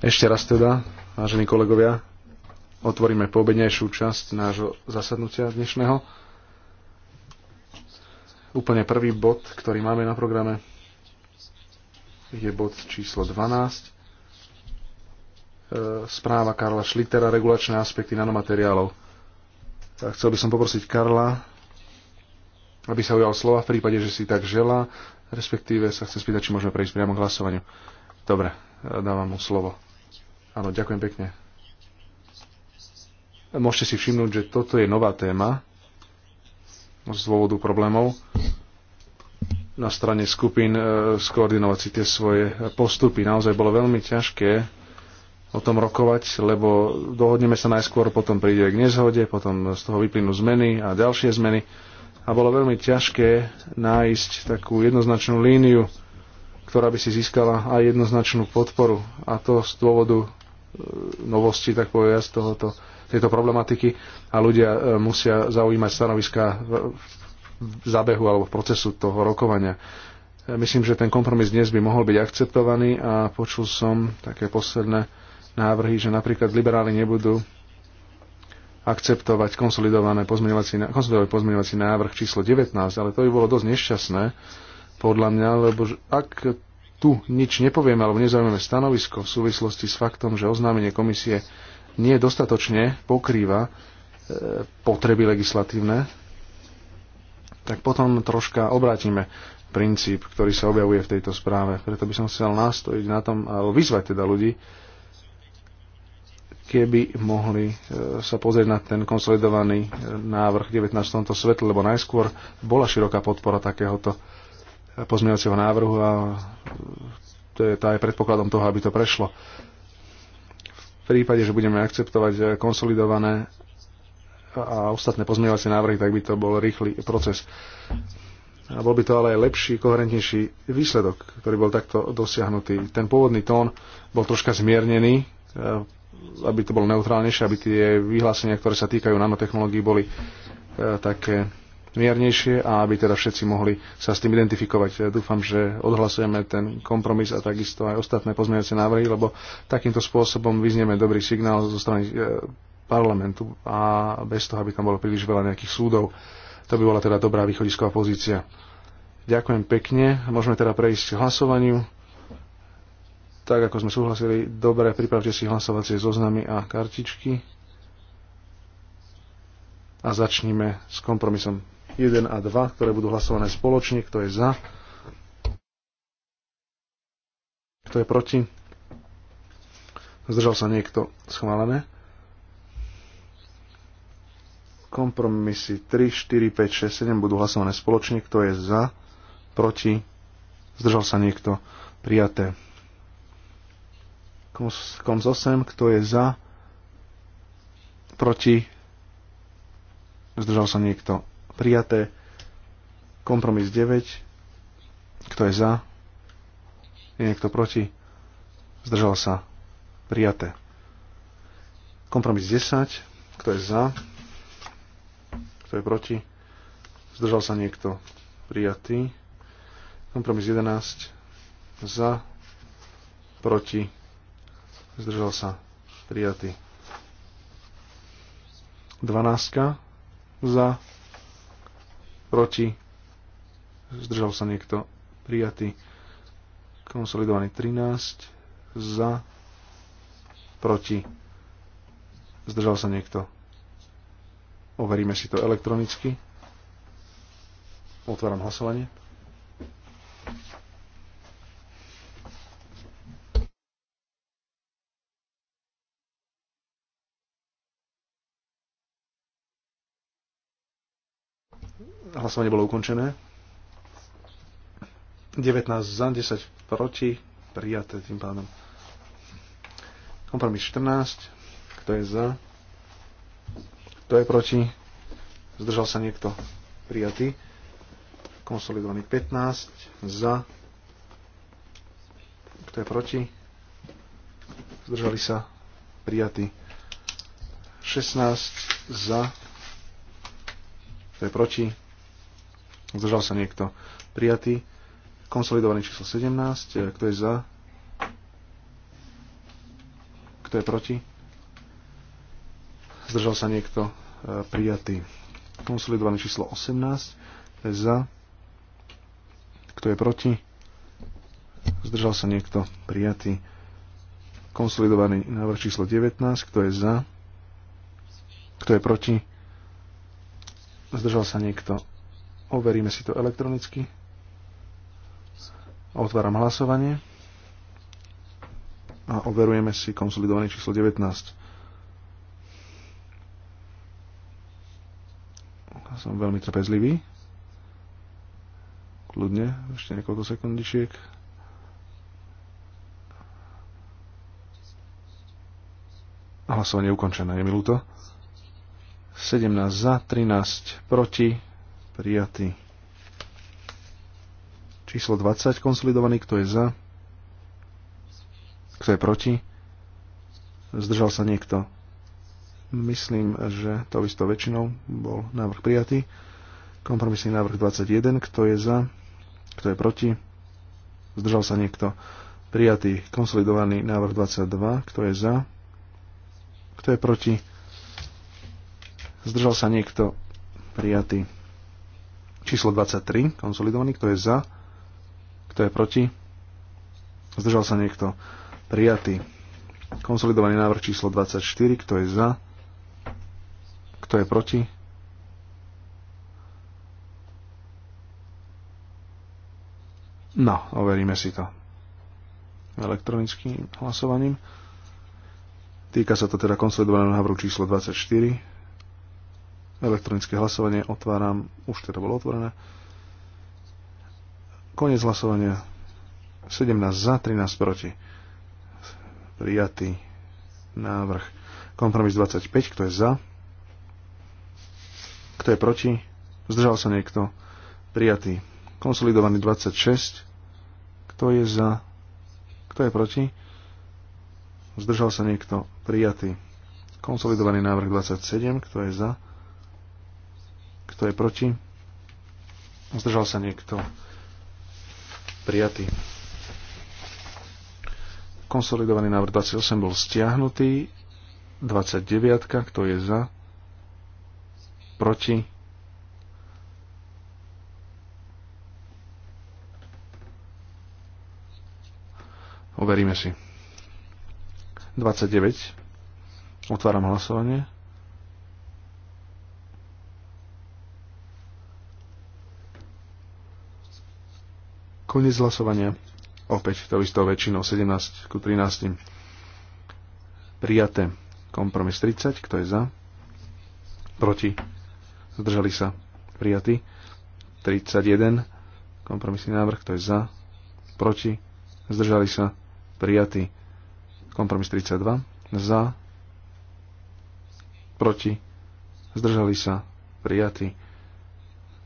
Ešte raz teda, vážení kolegovia, otvoríme poobednejšiu časť nášho zasadnutia dnešného. Úplne prvý bod, ktorý máme na programe, je bod číslo 12. E, správa Karla Šlitera, regulačné aspekty nanomateriálov. Tak chcel by som poprosiť Karla, aby sa ujal slova v prípade, že si tak žela, respektíve sa chcem spýtať, či môžeme prejsť priamo k hlasovaniu. Dobre, dávam mu slovo. Áno, ďakujem pekne. Môžete si všimnúť, že toto je nová téma z dôvodu problémov na strane skupín e, skoordinovať si tie svoje postupy. Naozaj bolo veľmi ťažké o tom rokovať, lebo dohodneme sa najskôr, potom príde k nezhode, potom z toho vyplynú zmeny a ďalšie zmeny. A bolo veľmi ťažké nájsť takú jednoznačnú líniu, ktorá by si získala aj jednoznačnú podporu. A to z dôvodu e, novosti, tak povedať, z tohoto, tejto problematiky a ľudia e, musia zaujímať stanoviska v zábehu alebo v procesu toho rokovania. E, myslím, že ten kompromis dnes by mohol byť akceptovaný a počul som také posledné návrhy, že napríklad liberáli nebudú akceptovať konsolidované pozmeňovací, konsolidovaný pozmeňovací návrh číslo 19, ale to by bolo dosť nešťastné, podľa mňa, lebo ak tu nič nepovieme alebo nezaujímame stanovisko v súvislosti s faktom, že oznámenie komisie nie dostatočne pokrýva e, potreby legislatívne, tak potom troška obrátime princíp, ktorý sa objavuje v tejto správe. Preto by som chcel nastojiť na tom, alebo vyzvať teda ľudí, keby mohli e, sa pozrieť na ten konsolidovaný e, návrh 19 v svetle, lebo najskôr bola široká podpora takéhoto pozmeňovacieho návrhu a to je tá je predpokladom toho, aby to prešlo. V prípade, že budeme akceptovať eh, konsolidované a ostatné pozmeňovacie návrhy, tak by to bol rýchly proces. A bol by to ale aj lepší, koherentnejší výsledok, ktorý bol takto dosiahnutý. Ten pôvodný tón bol troška zmiernený, eh, aby to bolo neutrálnejšie, aby tie vyhlásenia, ktoré sa týkajú nanotechnológií, boli eh, také miernejšie a aby teda všetci mohli sa s tým identifikovať. Dúfam, že odhlasujeme ten kompromis a takisto aj ostatné pozmeňujúce návrhy, lebo takýmto spôsobom vyznieme dobrý signál zo strany e, parlamentu a bez toho, aby tam bolo príliš veľa nejakých súdov. To by bola teda dobrá východisková pozícia. Ďakujem pekne. Môžeme teda prejsť k hlasovaniu. Tak, ako sme súhlasili, dobre, pripravte si hlasovacie zoznamy a kartičky. A začníme s kompromisom 1 a 2, ktoré budú hlasované spoločne. Kto je za? Kto je proti? Zdržal sa niekto? Schválené. Kompromisy 3, 4, 5, 6, 7 budú hlasované spoločne. Kto je za? Proti? Zdržal sa niekto? Prijaté. Komz 8, kto je za? Proti? Zdržal sa niekto? prijaté. Kompromis 9. Kto je za? Je niekto proti? Zdržal sa. Prijaté. Kompromis 10. Kto je za? Kto je proti? Zdržal sa niekto. Prijatý. Kompromis 11. Za. Proti. Zdržal sa. Prijatý. 12. Za proti, zdržal sa niekto, prijatý, konsolidovaný 13, za, proti, zdržal sa niekto. Overíme si to elektronicky. Otváram hlasovanie. Hlasovanie bolo ukončené. 19 za, 10 proti, prijaté tým pádom. Kompromis 14. Kto je za? Kto je proti? Zdržal sa niekto? Prijatý. Konsolidovaný 15. Za. Kto je proti? Zdržali sa? Prijatý. 16. Za. Kto je proti? Zdržal sa niekto. Prijatý. Konsolidovaný číslo 17. E, kto je za? Kto je proti? Zdržal sa niekto. E, prijatý. Konsolidovaný číslo 18. Kto je za? Kto je proti? Zdržal sa niekto. Prijatý. Konsolidovaný návrh číslo 19. Kto je za? Kto je proti? Zdržal sa niekto Overíme si to elektronicky. Otváram hlasovanie. A overujeme si konsolidované číslo 19. Som veľmi trpezlivý. Kľudne, ešte niekoľko sekundičiek. Hlasovanie je ukončené, je mi ľúto. 17 za, 13 proti, prijatý. Číslo 20 konsolidovaný, kto je za? Kto je proti? Zdržal sa niekto? Myslím, že to istou väčšinou bol návrh prijatý. Kompromisný návrh 21, kto je za? Kto je proti? Zdržal sa niekto? Prijatý konsolidovaný návrh 22, kto je za? Kto je proti? Zdržal sa niekto? Prijatý. Číslo 23, konsolidovaný, kto je za, kto je proti. Zdržal sa niekto. Prijatý. Konsolidovaný návrh číslo 24, kto je za, kto je proti. No, overíme si to elektronickým hlasovaním. Týka sa to teda konsolidovaného návrhu číslo 24. Elektronické hlasovanie otváram. Už teda bolo otvorené. Konec hlasovania. 17 za, 13 proti. Prijatý návrh. Kompromis 25, kto je za? Kto je proti? Zdržal sa niekto? Prijatý. Konsolidovaný 26. Kto je za? Kto je proti? Zdržal sa niekto? Prijatý. Konsolidovaný návrh 27. Kto je za? Kto je proti? Zdržal sa niekto? Prijatý. Konsolidovaný návrh 28 bol stiahnutý. 29. Kto je za? Proti? Overíme si. 29. Otváram hlasovanie. Koniec hlasovania. Opäť to istou väčšinou 17 ku 13. Prijaté. Kompromis 30. Kto je za? Proti. Zdržali sa. Prijatý. 31. Kompromisný návrh. Kto je za? Proti. Zdržali sa. Prijatý. Kompromis 32. Za. Proti. Zdržali sa. Prijatý.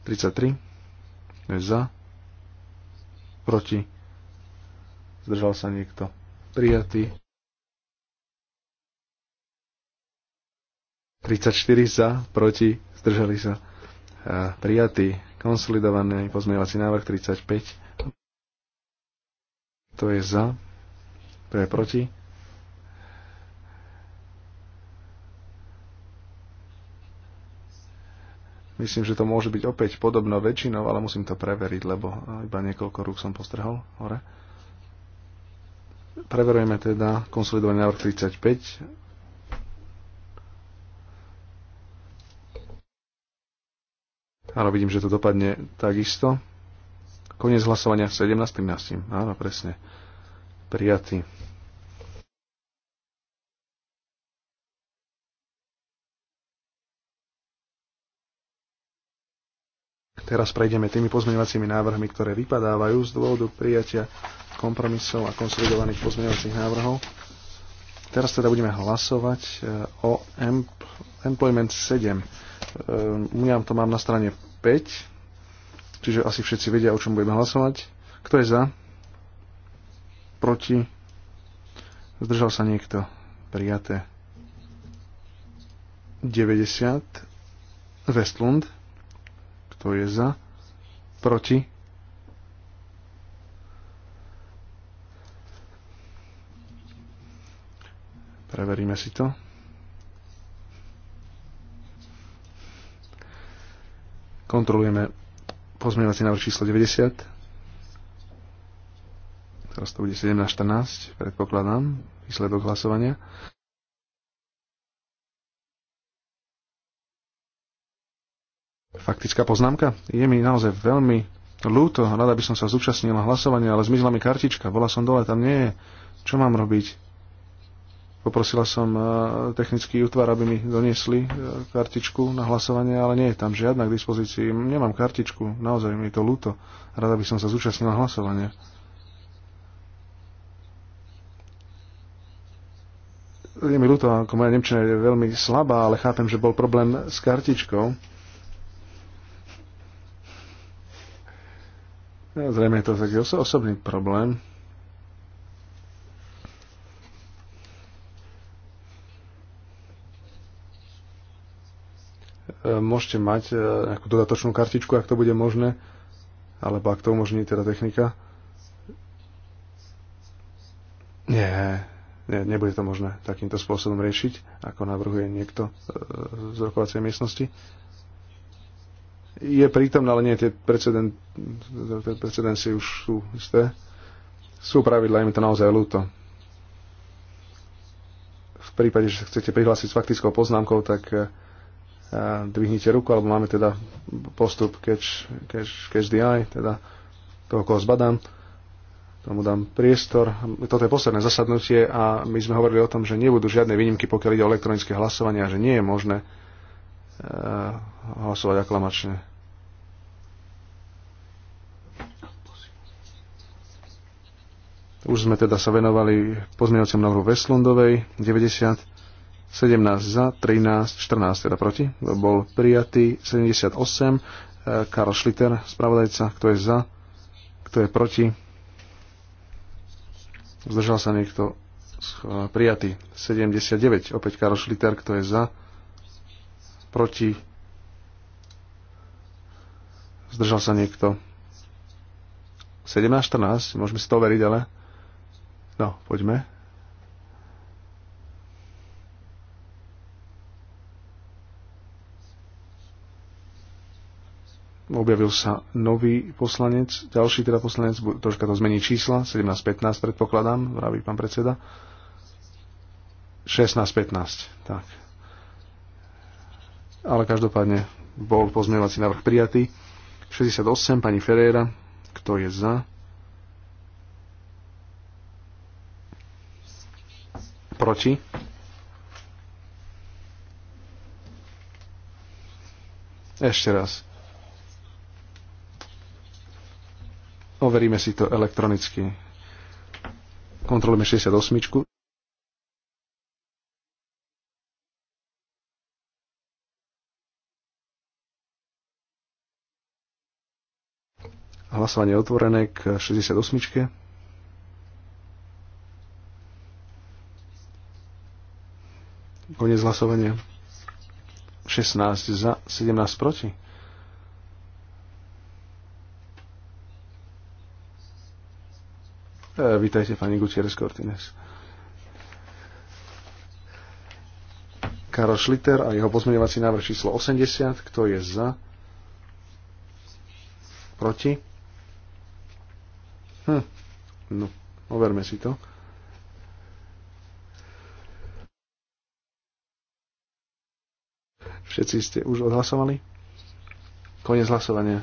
33. Kto je za? proti, zdržal sa niekto, prijatý. 34 za, proti, zdržali sa, e, prijatý. Konsolidovaný pozmeňovací návrh 35. To je za, to je proti, Myslím, že to môže byť opäť podobno väčšinou, ale musím to preveriť, lebo eh, iba niekoľko rúk som postrhol hore. Preverujeme teda konsolidovaný návrh 35. Áno, vidím, že to dopadne takisto. Koniec hlasovania 17. Áno, presne. Prijatý. Teraz prejdeme tými pozmeňovacími návrhmi, ktoré vypadávajú z dôvodu prijatia kompromisov a konsolidovaných pozmeňovacích návrhov. Teraz teda budeme hlasovať eh, o Employment 7. Ja eh, to mám na strane 5, čiže asi všetci vedia, o čom budeme hlasovať. Kto je za? Proti? Zdržal sa niekto? Prijaté. 90. Westlund. To je za? Proti? Preveríme si to. Kontrolujeme pozmeňovací návrh číslo 90. Teraz to bude 17.14, predpokladám, výsledok hlasovania. Faktická poznámka? Je mi naozaj veľmi ľúto, rada by som sa zúčastnila hlasovania, ale zmizla mi kartička, bola som dole, tam nie je. Čo mám robiť? Poprosila som e, technický útvar, aby mi doniesli e, kartičku na hlasovanie, ale nie je tam žiadna k dispozícii. Nemám kartičku, naozaj mi je to ľúto. Rada by som sa zúčastnila hlasovania. Je mi ľúto, ako moja Nemčina je veľmi slabá, ale chápem, že bol problém s kartičkou. No, zrejme je to taký oso- osobný problém. E, môžete mať e, nejakú dodatočnú kartičku, ak to bude možné, alebo ak to umožní teda technika. Nie, nie, nebude to možné takýmto spôsobom riešiť, ako navrhuje niekto e, z rokovacej miestnosti je prítomná, ale nie tie preceden, precedencie už sú isté. Sú pravidla, im to naozaj ľúto. V prípade, že sa chcete prihlásiť s faktickou poznámkou, tak eh, eh, dvihnite ruku, alebo máme teda postup catch, catch, catch the eye, teda toho, koho zbadám. Tomu dám priestor. Toto je posledné zasadnutie a my sme hovorili o tom, že nebudú žiadne výnimky, pokiaľ ide o elektronické hlasovanie a že nie je možné Eh, hlasovať aklamačne. Už sme teda sa venovali pozmeňovacom návrhu Veslundovej 90, 17 za, 13, 14 teda proti. Bol prijatý 78, eh, Karl Schlitter, spravodajca, kto je za, kto je proti. Zdržal sa niekto prijatý 79, opäť Karl Schlitter, kto je za, proti, zdržal sa niekto. 17, 14, môžeme si to overiť, ale no, poďme. Objavil sa nový poslanec, ďalší teda poslanec, troška to zmení čísla, 17.15 predpokladám, vraví pán predseda. 16.15, tak ale každopádne bol pozmeňovací návrh prijatý. 68, pani Ferreira, kto je za? Proti? Ešte raz. Overíme si to elektronicky. Kontrolujeme 68. Hlasovanie otvorené k 68. Konec hlasovania. 16 za, 17 proti. E, vítajte, pani Gutierrez Cortines. Karol Schlitter a jeho pozmeňovací návrh číslo 80. Kto je za? Proti? Hm. No, overme si to. Všetci ste už odhlasovali? Konec hlasovania.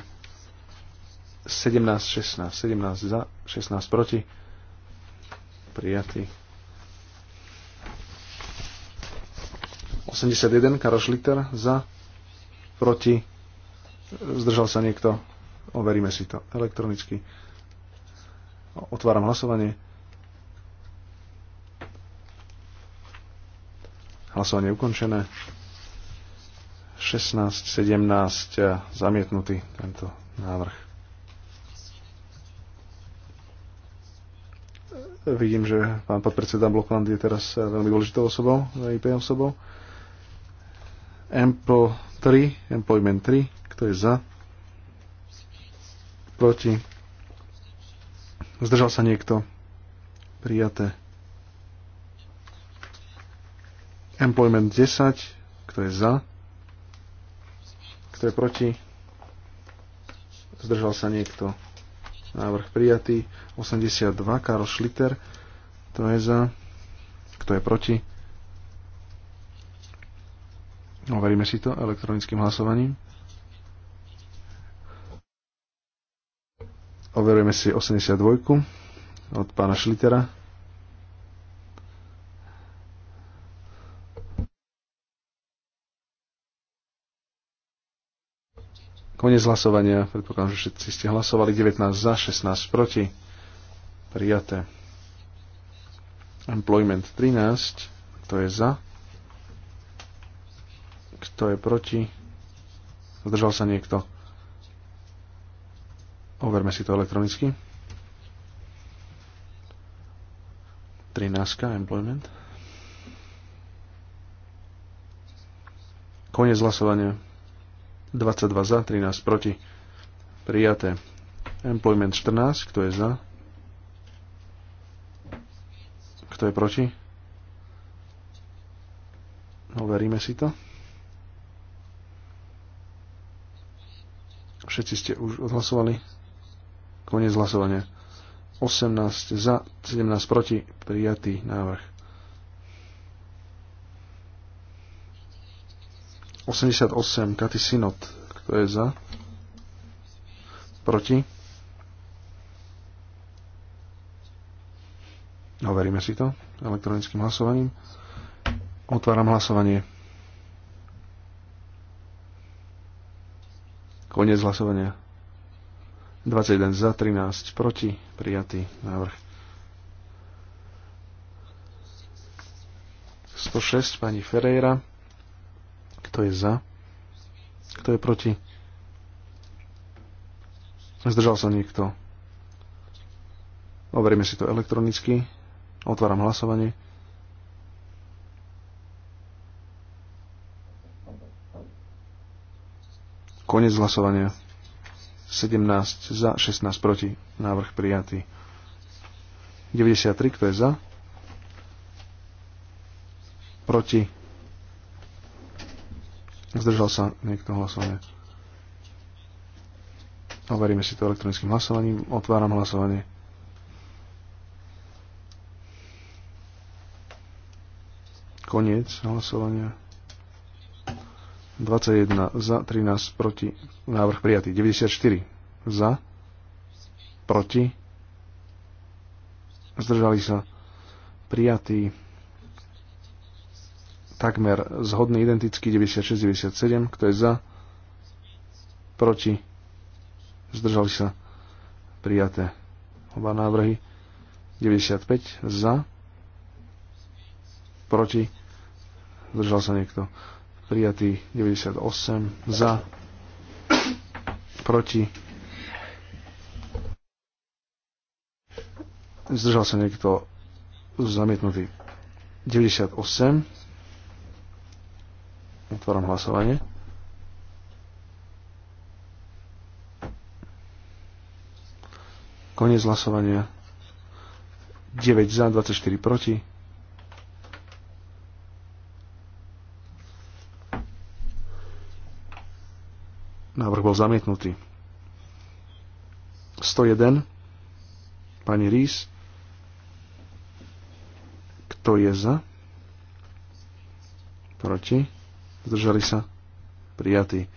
17, 16. 17 za, 16 proti. Prijatý. 81, Karol Šliter za, proti. Zdržal sa niekto? Overíme si to elektronicky. Otváram hlasovanie. Hlasovanie je ukončené. 16, 17 eh, zamietnutý tento návrh. Vidím, že pán podpredseda Blokland je teraz eh, veľmi dôležitou osobou, eh, IP osobou. MPO 3, MPO 3, kto je za? Proti? Zdržal sa niekto? Prijaté. Employment 10. Kto je za? Kto je proti? Zdržal sa niekto? Návrh prijatý. 82. Karl Schlitter. Kto je za? Kto je proti? Overíme si to elektronickým hlasovaním. Overujeme si 82 od pána Šlitera. Konec hlasovania, predpokladám, že všetci ste hlasovali, 19 za, 16 proti, prijaté. Employment 13, kto je za, kto je proti, zdržal sa niekto. Overme si to elektronicky. 13. Employment. Koniec hlasovania. 22 za, 13 proti. Prijaté. Employment 14. Kto je za? Kto je proti? Overíme si to. Všetci ste už odhlasovali. Koniec hlasovania. 18 za, 17 proti, prijatý návrh. 88, Katy Synod, kto je za? Proti? Overíme no, si to elektronickým hlasovaním. Otváram hlasovanie. Koniec hlasovania. 21 za, 13 proti, prijatý návrh. 106 pani Ferreira. Kto je za? Kto je proti? Zdržal sa niekto. Overíme si to elektronicky. Otváram hlasovanie. Konec hlasovania. 17 za, 16 proti. Návrh prijatý. 93, kto je za? Proti. Zdržal sa niekto hlasovanie. Overíme si to elektronickým hlasovaním. Otváram hlasovanie. Koniec hlasovania. 21 za, 13 proti. Návrh prijatý. 94 za, proti. Zdržali sa. Prijatý takmer zhodný identický 96-97. Kto je za? Proti? Zdržali sa prijaté oba návrhy. 95 za? Proti? Zdržal sa niekto prijatý 98 za, proti, zdržal sa niekto zamietnutý 98, otváram hlasovanie. Koniec hlasovania. 9 za, 24 proti. Návrh bol zamietnutý. 101. Pani Rís. Kto je za? Proti? Zdržali sa? Prijatý.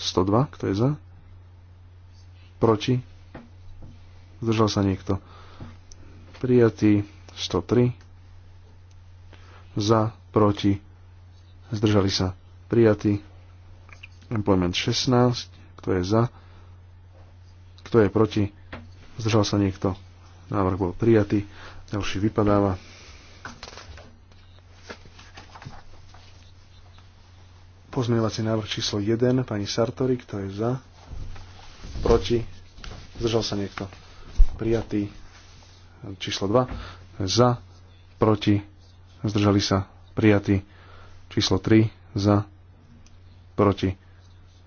102. Kto je za? Proti? Zdržal sa niekto. Prijatý. 103. Za? Proti? Zdržali sa? Prijatý. Employment 16. Kto je za? Kto je proti? Zdržal sa niekto? Návrh bol prijatý. Ďalší vypadáva. Pozmeňovací návrh číslo 1, pani Sartori, kto je za? Proti? Zdržal sa niekto? Prijatý. Číslo 2, za? Proti? Zdržali sa? Prijatý. Číslo 3, za? Proti?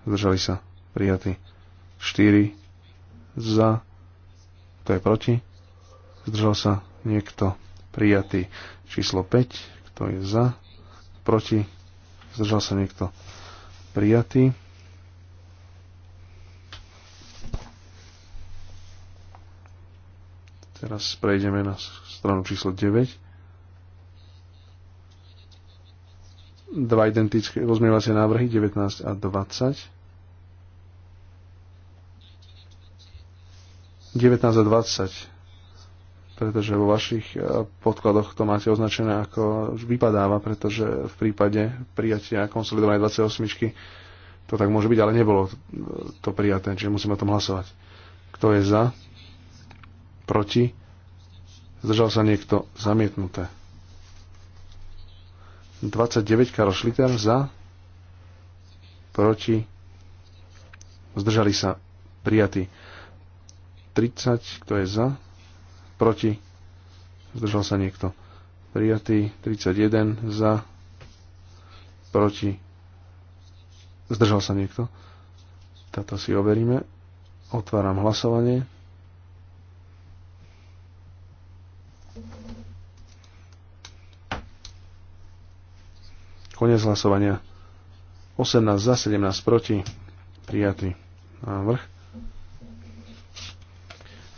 zdržali sa, prijatí. 4 za, kto je proti, zdržal sa niekto, prijatý. Číslo 5, kto je za, proti, zdržal sa niekto, prijatý. Teraz prejdeme na stranu číslo 9. Dva identické rozmievacie návrhy 19 a 20. 19 a 20, pretože vo vašich e, podkladoch to máte označené ako vypadáva, pretože v prípade prijatia konsolidovanej 28 to tak môže byť, ale nebolo e, to prijaté, čiže musíme o tom hlasovať. Kto je za? Proti? Zdržal sa niekto? Zamietnuté. 29 Karol Šliter za? Proti? Zdržali sa? Prijatí. 30, kto je za? Proti? Zdržal sa niekto. Prijatý 31 za. Proti? Zdržal sa niekto. Táto si overíme. Otváram hlasovanie. Konec hlasovania. 18 za, 17 proti. Prijatý návrh.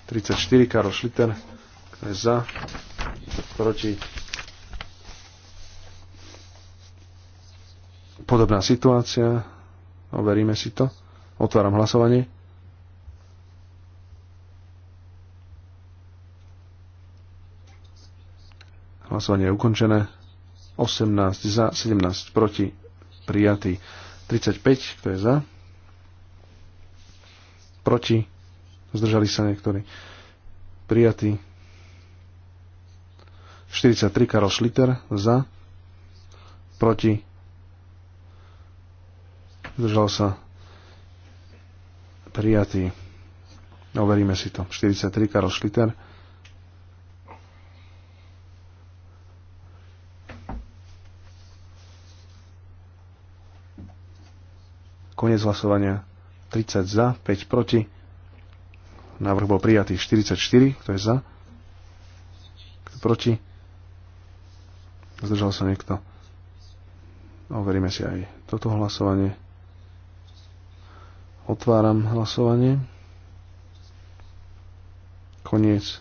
34, Karol Šliter, kto je za, proti. Podobná situácia, overíme si to. Otváram hlasovanie. Hlasovanie je ukončené. 18 za, 17 proti, prijatý. 35, kto je za? Proti zdržali sa niektorí. Prijatý 43 Karol Schlitter za, proti, zdržal sa prijatý. Overíme si to. 43 Karol Schlitter. Konec hlasovania 30 za, 5 proti. Návrh bol prijatý 44. Kto je za? Kto proti? Zdržal sa niekto. Overíme si aj toto hlasovanie. Otváram hlasovanie. Koniec.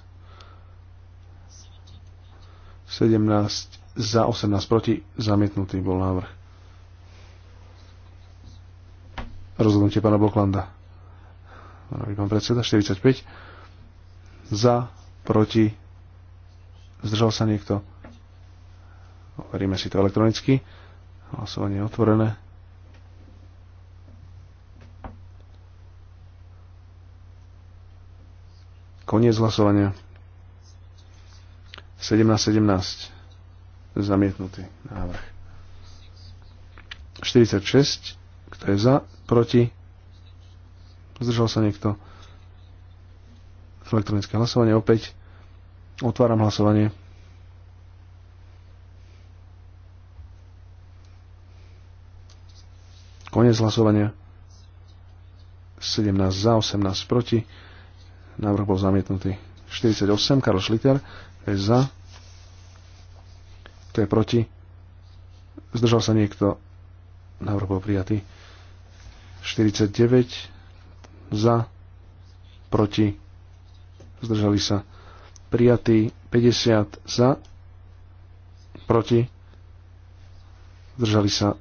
17 za 18 proti zamietnutý bol návrh. Rozhodnutie pána Bloklanda pán predseda, 45. Za, proti, zdržal sa niekto. Overíme si to elektronicky. Hlasovanie je otvorené. Koniec hlasovania. 17-17. Zamietnutý návrh. 46. Kto je za? Proti? Zdržal sa niekto? Elektronické hlasovanie opäť. Otváram hlasovanie. Konec hlasovania. 17 za, 18 proti. Návrh bol zamietnutý. 48, Karol Šliter, to je za. To je proti. Zdržal sa niekto. Návrh bol prijatý. 49, za, proti, zdržali sa prijatí 50 za, proti, zdržali sa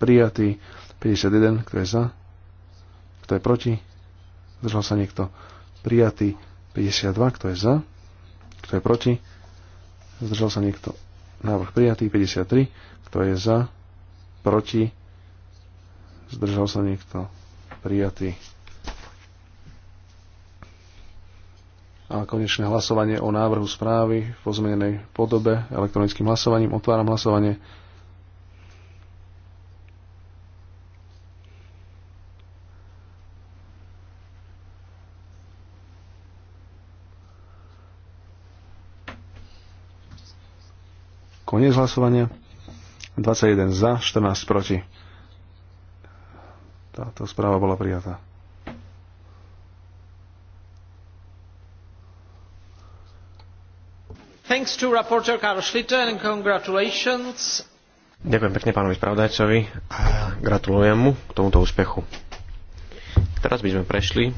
prijatí 51, kto je za, kto je proti, zdržal sa niekto prijatý 52, kto je za, kto je proti, zdržal sa niekto návrh prijatý 53, kto je za, proti, zdržal sa niekto prijatý a konečné hlasovanie o návrhu správy v pozmenenej podobe elektronickým hlasovaním. Otváram hlasovanie. Koniec hlasovania. 21 za, 14 proti. Táto správa bola prijatá. thanks to rapporteur Karl Schlitter and congratulations. Ďakujem pekne pánovi spravodajcovi a gratulujem mu k tomuto úspechu. Teraz by sme prešli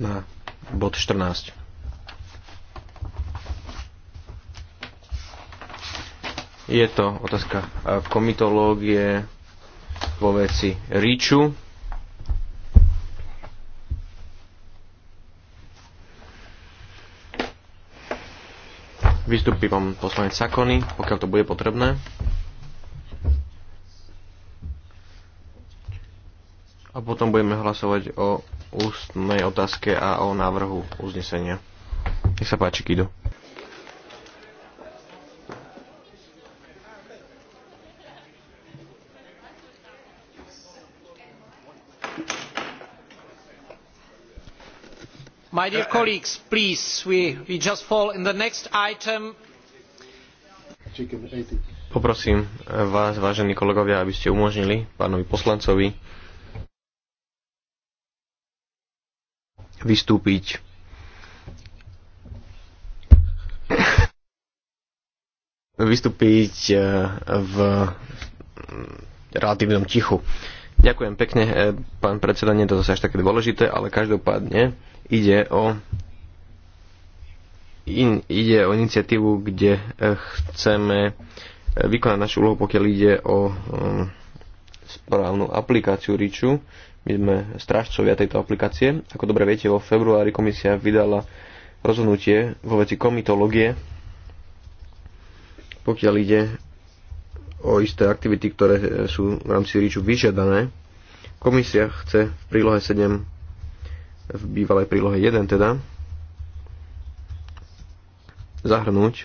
na bod 14. Je to otázka komitológie vo veci Ríču. Vystupí pán poslanec Sakony, pokiaľ to bude potrebné. A potom budeme hlasovať o ústnej otázke a o návrhu uznesenia. Nech sa páči, Kido. my dear colleagues please we, we just fall in the next item Poprosím eh, vás, vážení kolegovia, aby ste umožnili pánovi poslancovi vystúpiť. vystúpiť eh, v relatívnom tichu. Ďakujem pekne, e, pán predseda, nie je to zase až také dôležité, ale každopádne ide o in, ide o iniciatívu, kde e, chceme e, vykonať našu úlohu, pokiaľ ide o um, správnu aplikáciu RIČu. My sme strážcovia tejto aplikácie. Ako dobre viete, vo februári komisia vydala rozhodnutie vo veci komitológie, pokiaľ ide o isté aktivity, ktoré e, sú v rámci ríču vyžiadané. Komisia chce v prílohe 7, v bývalej prílohe 1 teda, zahrnúť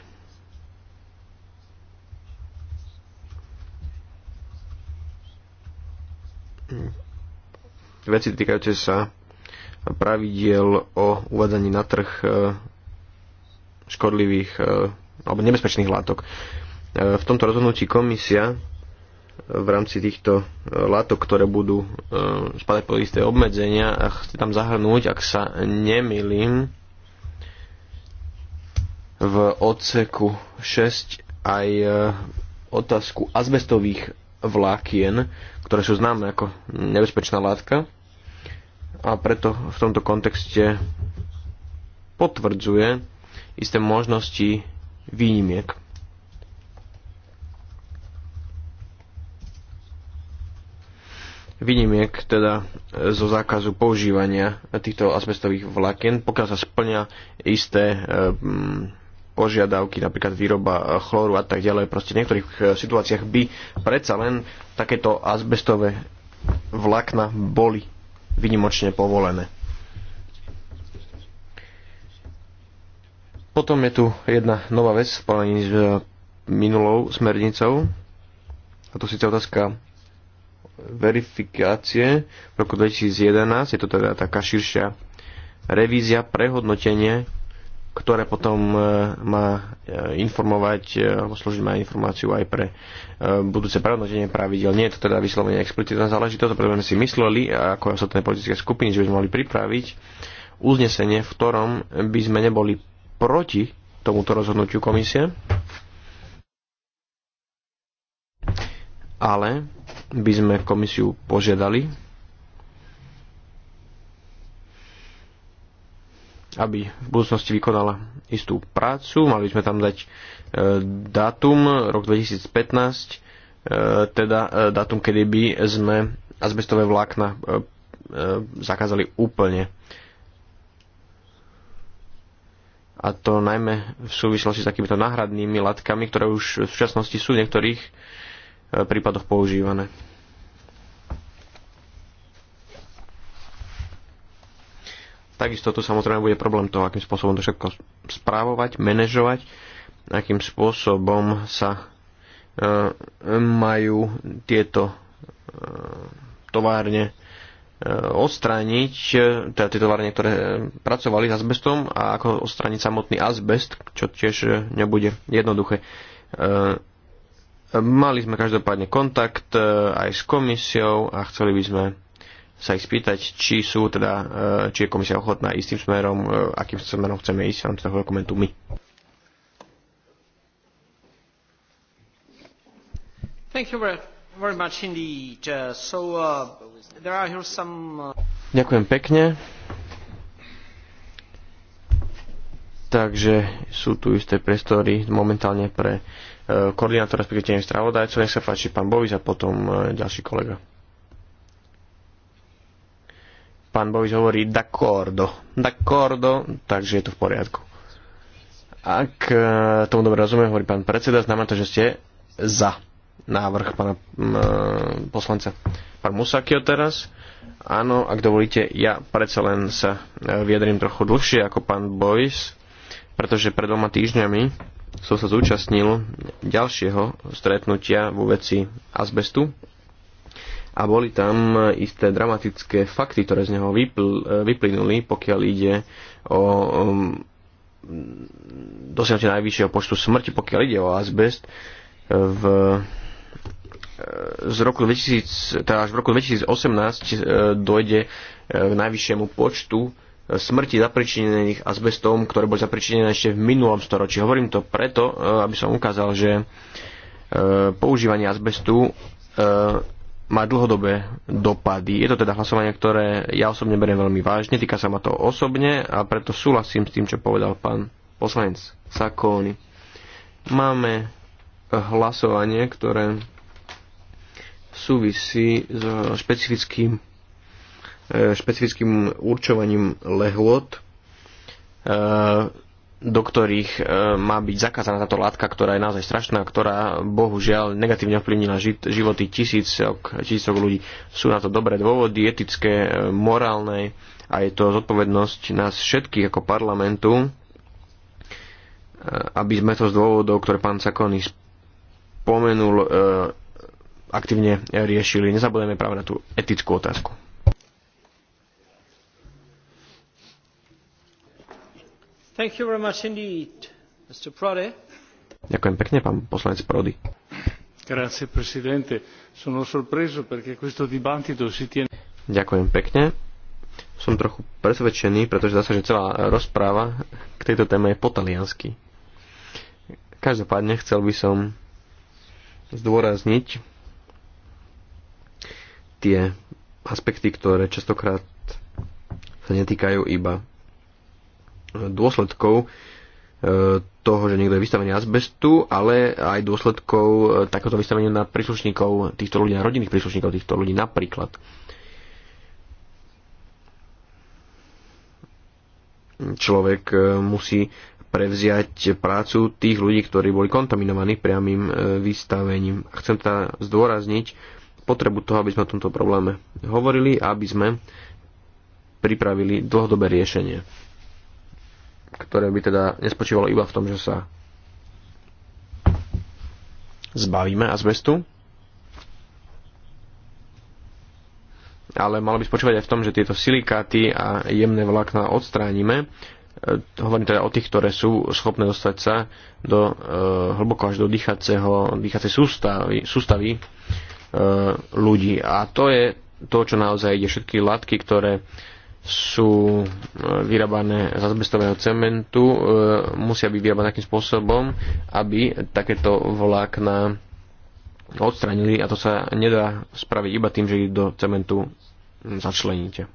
veci týkajúce sa pravidiel o uvádzaní na trh e, škodlivých e, alebo nebezpečných látok v tomto rozhodnutí komisia v rámci týchto e, látok, ktoré budú e, spadať pod isté obmedzenia a chce tam zahrnúť, ak sa nemilím, v odseku 6 aj e, otázku azbestových vlákien, ktoré sú známe ako nebezpečná látka a preto v tomto kontexte potvrdzuje isté možnosti výnimiek. výnimiek teda zo zákazu používania týchto asbestových vlákien, pokiaľ sa splňa isté e, požiadavky, napríklad výroba e, chlóru a tak ďalej. Proste v niektorých e, situáciách by predsa len takéto azbestové vlákna boli výnimočne povolené. Potom je tu jedna nová vec v s minulou smernicou. A tu síce otázka verifikácie v roku 2011. Je to teda taká širšia revízia, prehodnotenie, ktoré potom e, má e, informovať, e, alebo slúžiť má informáciu aj pre budúce prehodnotenie pravidel. Nie je to teda vyslovene explicitná záležitosť, preto sme si mysleli, ako ostatné politické skupiny, že by sme mali pripraviť uznesenie, v ktorom by sme neboli proti tomuto rozhodnutiu komisie, ale by sme komisiu požiadali, aby v budúcnosti vykonala istú prácu. Mali by sme tam dať e, dátum, rok 2015, e, teda e, dátum, kedy by sme azbestové vlákna e, e, zakázali úplne. A to najmä v súvislosti s takýmito náhradnými látkami, ktoré už v súčasnosti sú v niektorých Eh, prípadoch používané. Takisto tu samozrejme bude problém toho, akým spôsobom to všetko správovať, manažovať, akým spôsobom sa e, majú tieto e, továrne e, odstrániť, teda tie továrne, ktoré pracovali s azbestom a ako odstrániť samotný azbest, čo tiež nebude jednoduché. E, Mali sme každopádne kontakt e, aj s komisiou a chceli by sme sa ich spýtať, či sú teda, e, či je komisia ochotná ísť tým smerom, e, akým smerom chceme ísť v rámci toho dokumentu my. Thank you very, much indeed. Uh, so, uh, there are here some... Uh, Ďakujem pekne. Takže sú tu isté priestory momentálne pre uh, koordinátor, respektíve tým stravodajcov. Nech sa páči pán Bovis a potom e, ďalší kolega. Pán Bovis hovorí d'accordo. D'accordo, takže je to v poriadku. Ak e, tomu dobre rozumiem, hovorí pán predseda, znamená to, že ste za návrh pána e, poslanca. Pán Musakio teraz. Áno, ak dovolíte, ja predsa len sa vyjadrím trochu dlhšie ako pán Boys, pretože pred dvoma týždňami som sa zúčastnil ďalšieho stretnutia vo veci azbestu a boli tam isté dramatické fakty, ktoré z neho vypl, vyplynuli, pokiaľ ide o um, dosiahnutie najvyššieho počtu smrti, pokiaľ ide o azbest v e, z roku 2000, teda až v roku 2018 e, dojde e, k najvyššiemu počtu smrti zapričinených azbestom, ktoré boli zapričinené ešte v minulom storočí. Hovorím to preto, e, aby som ukázal, že e, používanie azbestu e, má dlhodobé dopady. Je to teda hlasovanie, ktoré ja osobne beriem veľmi vážne, týka sa ma to osobne a preto súhlasím s tým, čo povedal pán poslanec Sakóny. Máme hlasovanie, ktoré súvisí s špecifickým E, špecifickým určovaním lehôd, e, do ktorých e, má byť zakázaná táto látka, ktorá je naozaj strašná, ktorá bohužiaľ negatívne ovplyvnila životy tisícok, tisícok ľudí. Sú na to dobré dôvody, etické, morálne a je to zodpovednosť nás všetkých ako parlamentu, aby sme to z dôvodov, ktoré pán Sakony spomenul, aktívne riešili. Nezabudeme práve na tú etickú otázku. Thank you very much indeed, Mr. Prodi. Ďakujem pekne, pán poslanec Prodi. Grazie, presidente. Sono sorpreso perché questo dibattito si tiene... Ďakujem pekne. Som trochu presvedčený, pretože zase, že celá rozpráva k tejto téme je po taliansky. Každopádne chcel by som zdôrazniť tie aspekty, ktoré častokrát sa netýkajú iba dôsledkov e, toho, že niekto je vystavený azbestu, ale aj dôsledkov e, takéhoto vystavenia na príslušníkov týchto ľudí, na rodinných príslušníkov týchto ľudí napríklad. Človek e, musí prevziať prácu tých ľudí, ktorí boli kontaminovaní priamým vystavením. Chcem teda zdôrazniť potrebu toho, aby sme o tomto probléme hovorili a aby sme pripravili dlhodobé riešenie ktoré by teda nespočívalo iba v tom, že sa zbavíme azbestu, ale malo by spočívať aj v tom, že tieto silikáty a jemné vlákna odstránime. E, hovorím teda o tých, ktoré sú schopné dostať sa do, e, hlboko až do dýchaceho, dýchacej sústavy, sústavy e, ľudí. A to je to, čo naozaj ide. Všetky látky, ktoré sú e, vyrábané z azbestového cementu, e, musia byť vyrábané takým spôsobom, aby takéto vlákna odstranili a to sa nedá spraviť iba tým, že ich do cementu začleníte.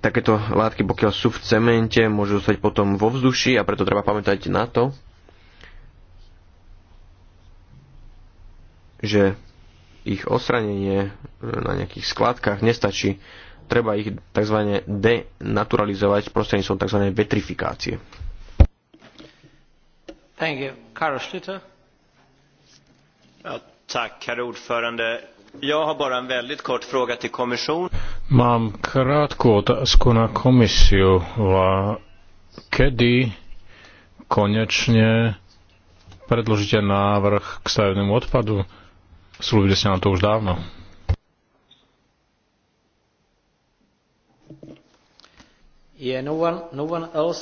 Takéto látky, pokiaľ sú v cemente, môžu zostať potom vo vzduši a preto treba pamätať na to, že ich odstranenie e, na nejakých skladkách nestačí. Treba ich tzv. denaturalizovať prostredníctvom tzv. vetrifikácie. Thank you. Schlitter. har bara en väldigt kort fråga till Mám krátku otázku na komisiu. Kedy konečne predložíte návrh k stavebnému odpadu? Slúbili ste nám to už dávno. Yeah, no one, no one on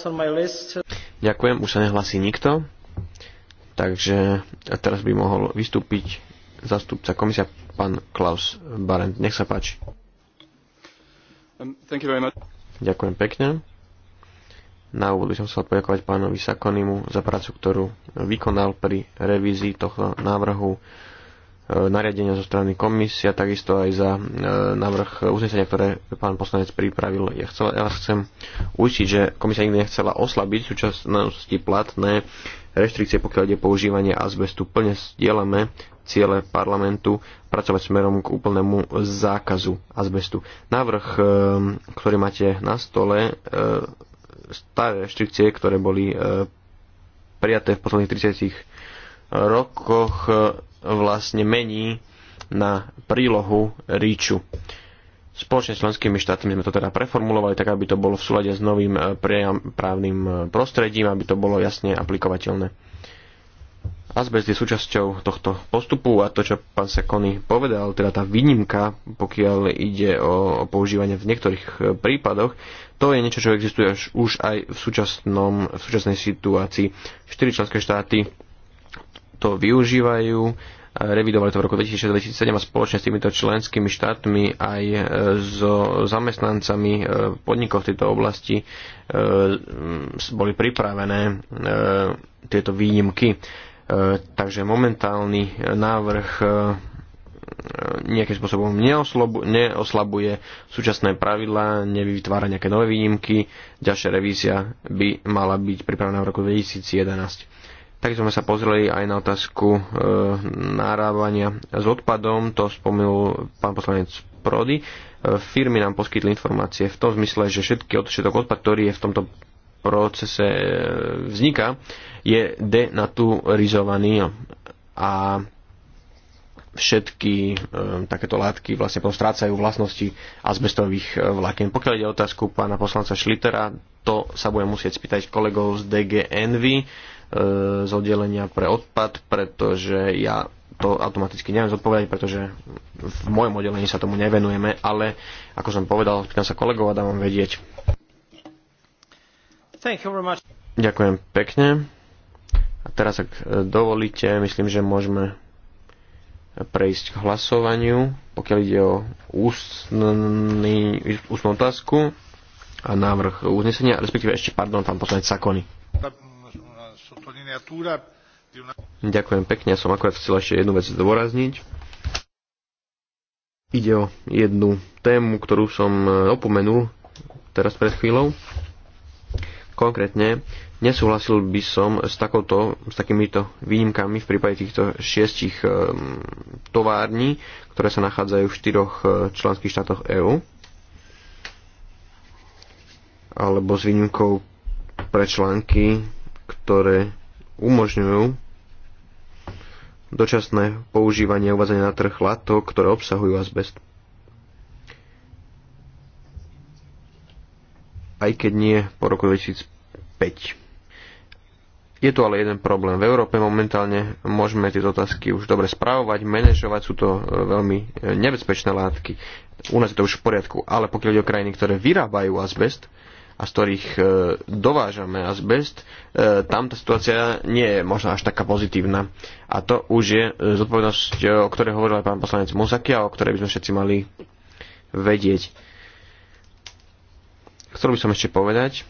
Ďakujem, už sa nehlasí nikto. Takže teraz by mohol vystúpiť zastupca komisia, pán Klaus Barent. Nech sa páči. Um, Ďakujem pekne. Na úvod by som chcel poďakovať pánovi Sakonimu za prácu, ktorú vykonal pri revízii tohto návrhu nariadenia zo strany komisia, takisto aj za e, návrh uznesenia, ktoré pán poslanec pripravil. Ja, chcel, ja vás chcem ujistiť, že komisia nikdy nechcela oslabiť súčasnosti platné reštrikcie, pokiaľ ide používanie azbestu. Plne sdielame ciele parlamentu pracovať smerom k úplnému zákazu azbestu. Návrh, e, ktorý máte na stole, e, staré reštrikcie, ktoré boli prijaté v posledných 30 rokoch, vlastne mení na prílohu ríču. Spoločne s členskými štátmi sme to teda preformulovali tak, aby to bolo v súlade s novým eh, právnym eh, prostredím, aby to bolo jasne aplikovateľné. Azbest je súčasťou tohto postupu a to, čo pán Sekony povedal, teda tá výnimka, pokiaľ ide o používanie v niektorých eh, prípadoch, to je niečo, čo existuje už aj v, súčasnom, v súčasnej situácii. Štyri členské štáty to využívajú. Revidovali to v roku 2006-2007 a spoločne s týmito členskými štátmi aj e, so zamestnancami e, podnikov v tejto oblasti e, boli pripravené tieto výnimky. Takže momentálny návrh nejakým spôsobom neoslabuje súčasné pravidlá, nevytvára nejaké nové výnimky. Ďalšia revízia by mala byť pripravená v roku 2011. Tak sme sa pozreli aj na otázku e, nárávania s odpadom, to spomenul pán poslanec Prody. E, firmy nám poskytli informácie v tom zmysle, že všetky odšetok odpad, ktorý je v tomto procese e, vzniká, je denaturizovaný a všetky e, takéto látky vlastne strácajú vlastnosti azbestových e, vlákien. Pokiaľ ide o otázku pána poslanca Šlitera, to sa budem musieť spýtať kolegov z DGNV E, z oddelenia pre odpad, pretože ja to automaticky neviem zodpovedať, pretože v mojom oddelení sa tomu nevenujeme, ale ako som povedal, pýtam sa kolegov a dám vám vedieť. Thank you very much. Ďakujem pekne. A teraz, ak dovolíte, myslím, že môžeme prejsť k hlasovaniu, pokiaľ ide o ústny, ústnú otázku a návrh uznesenia, respektíve ešte, pardon, pán poslanec Sakony. Ďakujem pekne, som akorát chcel ešte jednu vec zdôrazniť. Ide o jednu tému, ktorú som e, opomenul teraz pred chvíľou. Konkrétne nesúhlasil by som s, takouto, s takýmito výnimkami v prípade týchto šiestich e, tovární, ktoré sa nachádzajú v štyroch e, členských štátoch EÚ alebo s výnimkou pre články ktoré umožňujú dočasné používanie uvazenia na trh látok, ktoré obsahujú azbest. Aj keď nie po roku 2005. Je tu ale jeden problém. V Európe momentálne môžeme tieto otázky už dobre správovať, manažovať, sú to e, veľmi e, nebezpečné látky. U nás je to už v poriadku, ale pokiaľ ide o krajiny, ktoré vyrábajú azbest, a z ktorých e, dovážame azbest, e, tam tá situácia nie je možno až taká pozitívna. A to už je e, zodpovednosť, o ktorej hovoril aj pán poslanec Musaky a o ktorej by sme všetci mali vedieť. Chcel by som ešte povedať,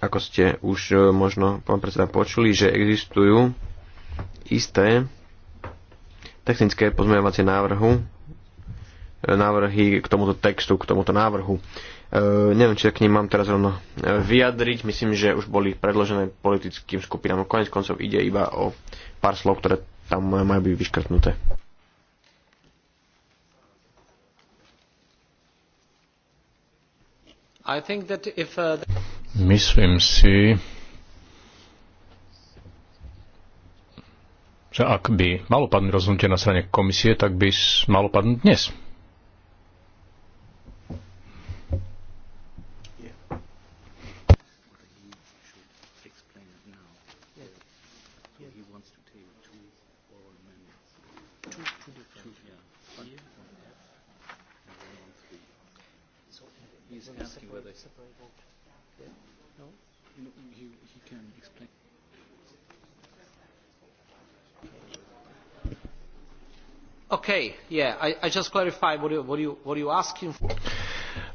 ako ste už možno, pán predseda, počuli, že existujú isté technické pozmeňovacie návrhu, návrhy k tomuto textu, k tomuto návrhu. E, neviem, či sa k ním mám teraz rovno e, vyjadriť. Myslím, že už boli predložené politickým skupinám. Konec koncov ide iba o pár slov, ktoré tam majú byť vyškrtnuté. I think that if, uh, Myslím si, že ak by malo padnúť rozhodnutie na strane komisie, tak by malo padnúť dnes. Okay, yeah, I, I just clarify what you, what you, what you asking for.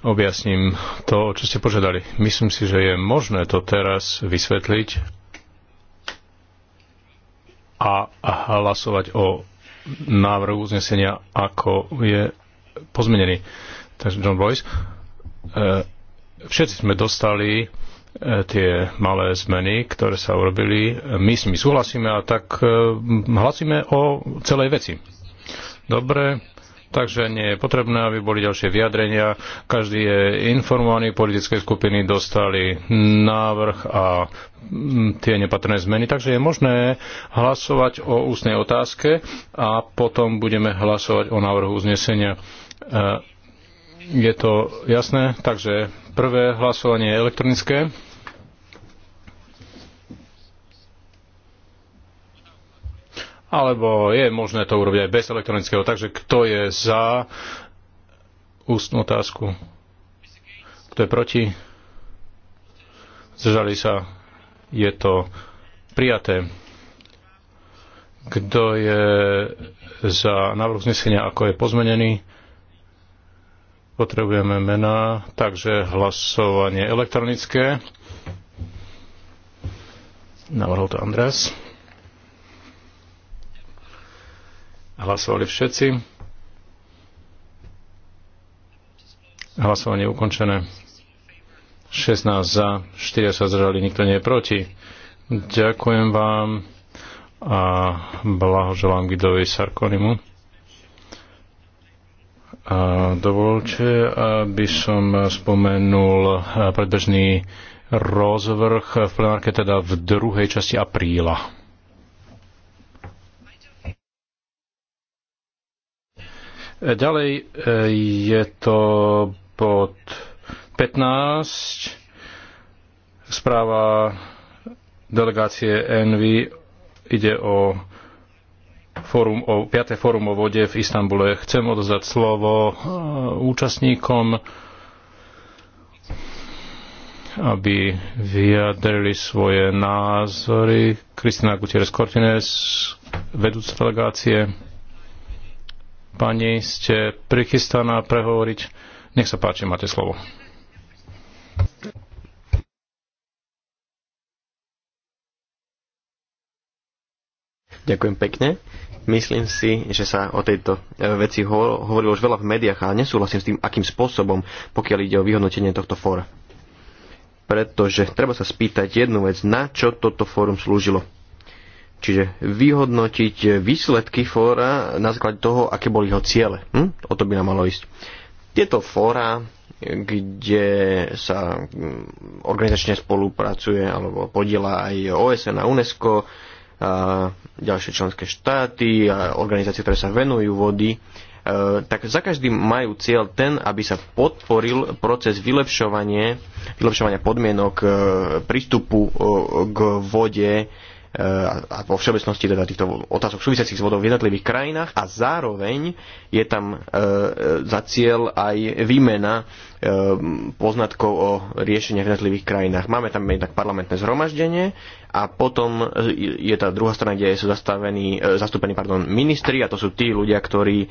Objasním to, čo ste požiadali. Myslím si, že je možné to teraz vysvetliť a hlasovať o návrhu uznesenia, ako je pozmenený. Takže John Boyce. E, všetci sme dostali e, tie malé zmeny, ktoré sa urobili. My s nimi súhlasíme a tak e, hlasíme o celej veci. Dobre, takže nie je potrebné, aby boli ďalšie vyjadrenia. Každý je informovaný, politické skupiny dostali návrh a mm, tie nepatrné zmeny, takže je možné hlasovať o ústnej otázke a potom budeme hlasovať o návrhu uznesenia. E, je to jasné? Takže prvé hlasovanie je elektronické. alebo je možné to urobiť aj bez elektronického. Takže kto je za ústnu otázku? Kto je proti? Zdržali sa. Je to prijaté. Kto je za návrh znesenia, ako je pozmenený? Potrebujeme mená, takže hlasovanie elektronické. Navrhol to Andres. Hlasovali všetci. Hlasovanie je ukončené. 16 za, 4 sa zdržali, nikto nie je proti. Ďakujem vám a blahoželám Gidovi Sarkonimu. A dovolte, aby som spomenul eh, predbežný rozvrh v plenárke teda v druhej časti apríla. Ďalej e, je to pod 15 správa delegácie NV ide o, fórum, o 5. fórum o vode v Istambule. Chcem odozdať slovo e, účastníkom, aby vyjadrili svoje názory. Kristina Gutierrez-Cortines, vedúca delegácie. Pani, ste prichystaná prehovoriť. Nech sa páči, máte slovo. Ďakujem pekne. Myslím si, že sa o tejto e, veci hovorilo už veľa v médiách a nesúhlasím s tým, akým spôsobom, pokiaľ ide o vyhodnotenie tohto fóra. Pretože treba sa spýtať jednu vec, na čo toto fórum slúžilo Čiže vyhodnotiť výsledky fóra na základe toho, aké boli jeho ciele. Hm? O to by nám malo ísť. Tieto fóra, kde sa hm, organizačne spolupracuje alebo podiela aj OSN a UNESCO, a ďalšie členské štáty a organizácie, ktoré sa venujú vody, e, tak za každým majú cieľ ten, aby sa podporil proces vylepšovania podmienok e, prístupu e, k vode a vo všeobecnosti teda týchto otázok súvisiacich s vodou v jednotlivých krajinách a zároveň je tam e, e, za cieľ aj výmena e, poznatkov o riešeniach v jednotlivých krajinách. Máme tam jednak parlamentné zhromaždenie a potom je tá druhá strana, kde sú zastavení, zastúpení pardon, ministri a to sú tí ľudia, ktorí,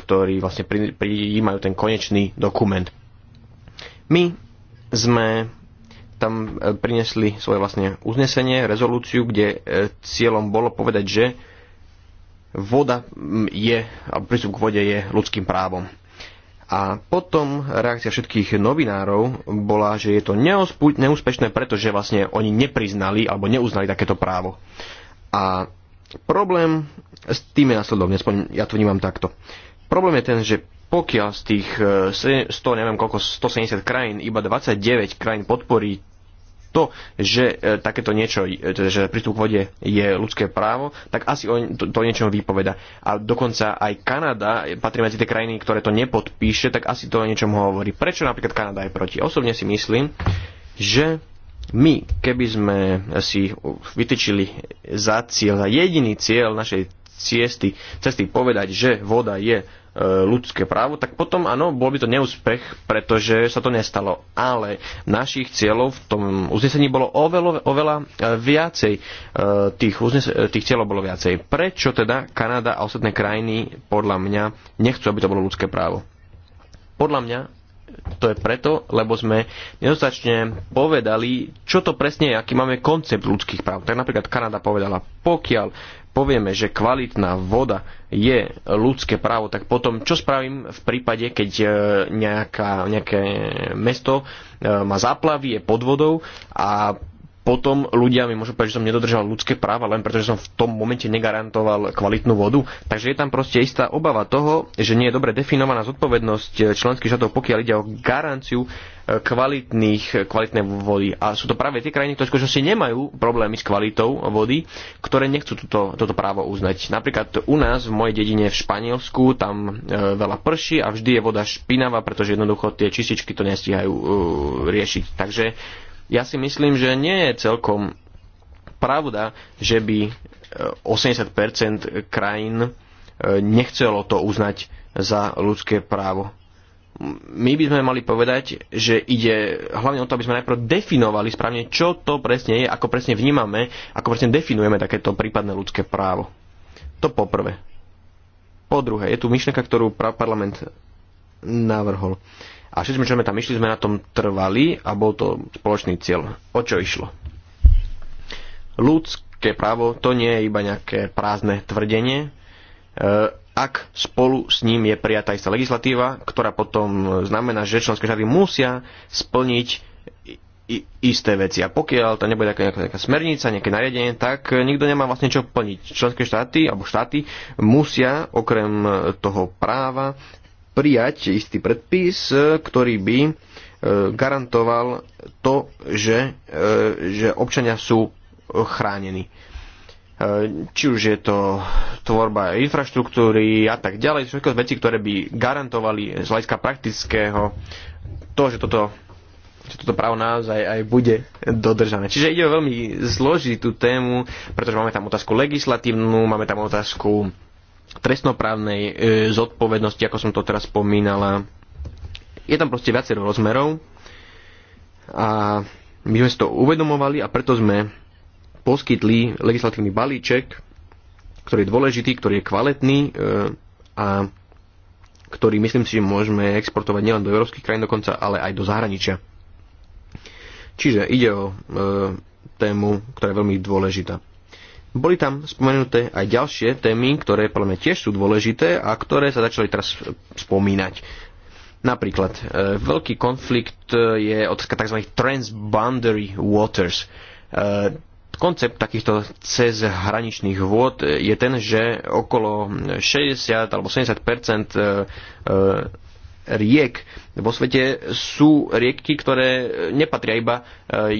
ktorí vlastne prijímajú ten konečný dokument. My sme tam e, prinesli svoje vlastne uznesenie, rezolúciu, kde e, cieľom bolo povedať, že voda je, alebo prístup k vode je ľudským právom. A potom reakcia všetkých novinárov bola, že je to neúspešné, pretože vlastne oni nepriznali alebo neuznali takéto právo. A problém s tým je následovne, aspoň ja to vnímam takto. Problém je ten, že pokiaľ z tých 100, e, neviem koľko, 170 krajín, iba 29 krajín podporí to, že e, takéto niečo, e, teda, že prístup k vode je ľudské právo, tak asi on to, to niečom vypoveda. A dokonca aj Kanada e, patrí medzi tie krajiny, ktoré to nepodpíše, tak asi to o niečom hovorí. Prečo napríklad Kanada je proti? Osobne si myslím, že my, keby sme si vytýčili za cieľ, za jediný cieľ našej ciesty, cesty povedať, že voda je E, ľudské právo, tak potom áno, bol by to neúspech, pretože sa to nestalo. Ale našich cieľov v tom uznesení bolo oveľa, oveľa viacej. E, tých, uznes- e, tých cieľov bolo viacej. Prečo teda Kanada a ostatné krajiny podľa mňa nechcú, aby to bolo ľudské právo? Podľa mňa to je preto, lebo sme nedostačne povedali, čo to presne je, aký máme koncept ľudských práv. Tak napríklad Kanada povedala, pokiaľ povieme, že kvalitná voda je ľudské právo, tak potom čo spravím v prípade, keď e, nejaká, nejaké mesto e, má záplavy, je pod vodou a potom ľudia mi môžu povedať, že som nedodržal ľudské práva len preto, že som v tom momente negarantoval kvalitnú vodu. Takže je tam proste istá obava toho, že nie je dobre definovaná zodpovednosť členských štátov, pokiaľ ide o garanciu e, kvalitných, e, kvalitnej vody. A sú to práve tie krajiny, ktoré v skutočnosti nemajú problémy s kvalitou vody, ktoré nechcú túto, toto právo uznať. Napríklad u nás, v mojej dedine v Španielsku, tam e, veľa prší a vždy je voda špinavá, pretože jednoducho tie čističky to nestihajú e, riešiť. Takže ja si myslím, že nie je celkom pravda, že by 80% e, krajín e, nechcelo to uznať za ľudské právo. My by sme mali povedať, že ide hlavne o to, aby sme najprv definovali správne, čo to presne je, ako presne vnímame, ako presne definujeme takéto prípadné ľudské právo. To poprvé. Po druhé, je tu myšlenka, ktorú parlament navrhol. A všetci, čo sme tam išli, sme na tom trvali a bol to spoločný cieľ. O čo išlo? Ľudské právo to nie je iba nejaké prázdne tvrdenie. E, ak spolu s ním je prijatá istá legislatíva, ktorá potom znamená, že členské štáty musia splniť isté veci. A pokiaľ to nebude nejaká, nejaká smernica, nejaké nariadenie, tak nikto nemá vlastne čo plniť. Členské štáty alebo štáty musia okrem toho práva prijať istý predpis, e, ktorý by e, garantoval to, že, e, že občania sú chránení. Či už je to tvorba infraštruktúry a tak ďalej, všetko veci, ktoré by garantovali z hľadiska praktického to, že toto že toto právo naozaj aj bude dodržané. Čiže ide o veľmi zložitú tému, pretože máme tam otázku legislatívnu, máme tam otázku trestnoprávnej e, zodpovednosti, ako som to teraz spomínala. Je tam proste viacero rozmerov a my sme si to uvedomovali a preto sme poskytli legislatívny balíček, ktorý je dôležitý, ktorý je kvalitný e, a ktorý myslím si, že môžeme exportovať nielen do európskych krajín dokonca, ale aj do zahraničia. Čiže ide o e, tému, ktorá je veľmi dôležitá. Boli tam spomenuté aj ďalšie témy, ktoré podľa mňa tiež sú dôležité a ktoré sa začali teraz spomínať. Napríklad, e, veľký konflikt e, je otázka tzv. transboundary waters. E, koncept takýchto cezhraničných vôd e, je ten, že okolo 60 alebo 70 e, e riek. Vo svete sú rieky, ktoré nepatria iba e,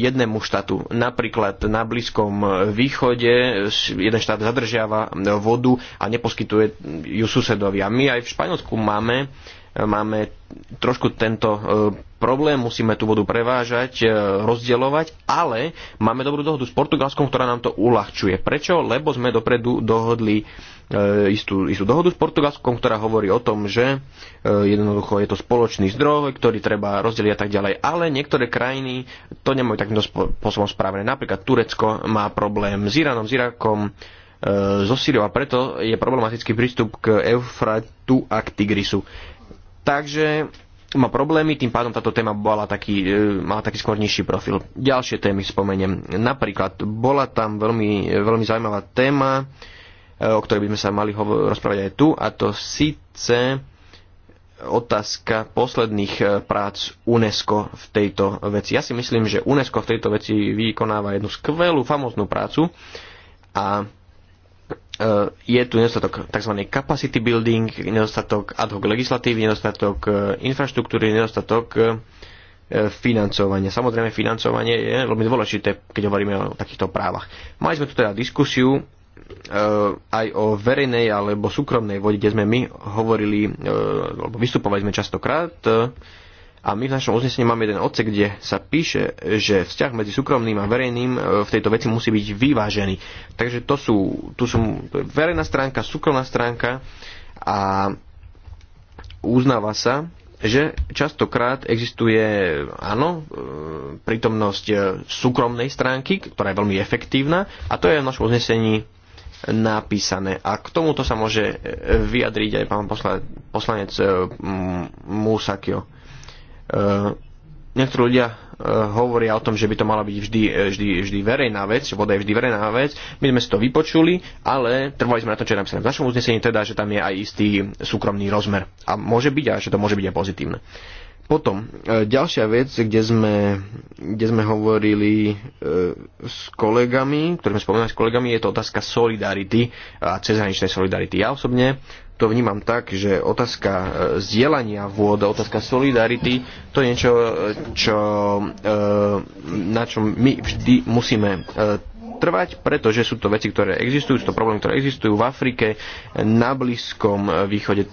jednému štátu. Napríklad na Blízkom východe jeden štát zadržiava vodu a neposkytuje ju susedovi. A my aj v Španielsku máme e, máme trošku tento e, problém, musíme tú vodu prevážať, rozdielovať, ale máme dobrú dohodu s Portugalskom, ktorá nám to uľahčuje. Prečo? Lebo sme dopredu dohodli E, istú, istú dohodu s Portugalskom, ktorá hovorí o tom, že e, jednoducho je to spoločný zdroj, ktorý treba rozdeliť a tak ďalej. Ale niektoré krajiny to nemajú takýmto spôsobom správené. Napríklad Turecko má problém s Iránom, s Irakom, e, so Syriou a preto je problematický prístup k Eufratu a k Tigrisu. Takže má problémy, tým pádom táto téma bola taký, mala taký skôr nižší profil. Ďalšie témy spomeniem. Napríklad bola tam veľmi, veľmi zaujímavá téma, E, o ktorej by sme sa mali rozprávať aj tu, a to síce otázka posledných e, prác UNESCO v tejto veci. Ja si myslím, že UNESCO v tejto veci vykonáva jednu skvelú, famoznú prácu a e, je tu nedostatok tzv. capacity building, nedostatok ad hoc legislatívy, nedostatok infraštruktúry, nedostatok financovania. Samozrejme, financovanie je veľmi dôležité, keď hovoríme o takýchto právach. Mali sme tu teda diskusiu Eh, aj o verejnej alebo súkromnej vode, kde sme my hovorili, eh, alebo vystupovali sme častokrát. Eh, a my v našom uznesení máme jeden odsek, kde sa píše, že vzťah medzi súkromným a verejným v tejto veci musí byť vyvážený. Takže to sú, tu sú verejná stránka, súkromná stránka a uznáva sa, že častokrát existuje, áno, prítomnosť súkromnej stránky, ktorá je veľmi efektívna a to je v našom uznesení napísané. A k tomuto sa môže e, vyjadriť aj pán posla, poslanec e, Musakio. E, niektorí ľudia hovoria o tom, že by to mala byť vždy, vždy, vždy verejná vec, že voda je vždy verejná vec. My sme si to vypočuli, ale trvali sme na to, čo je napísané v našom uznesení, teda, že tam je aj istý súkromný rozmer. A môže byť, a že to môže byť aj pozitívne. Uh, potom, e, ďalšia vec, kde sme, kde sme hovorili e, s kolegami, ktoré sme spomínali s kolegami, je to otázka solidarity a cezhraničnej solidarity. Ja osobne to vnímam tak, že otázka e, zdieľania vôd, otázka solidarity, to je niečo, e, čo, e, na čom my vždy musíme e, trvať, pretože sú to veci, ktoré existujú, sú to problémy, ktoré existujú v Afrike, na Blízkom eh, východe.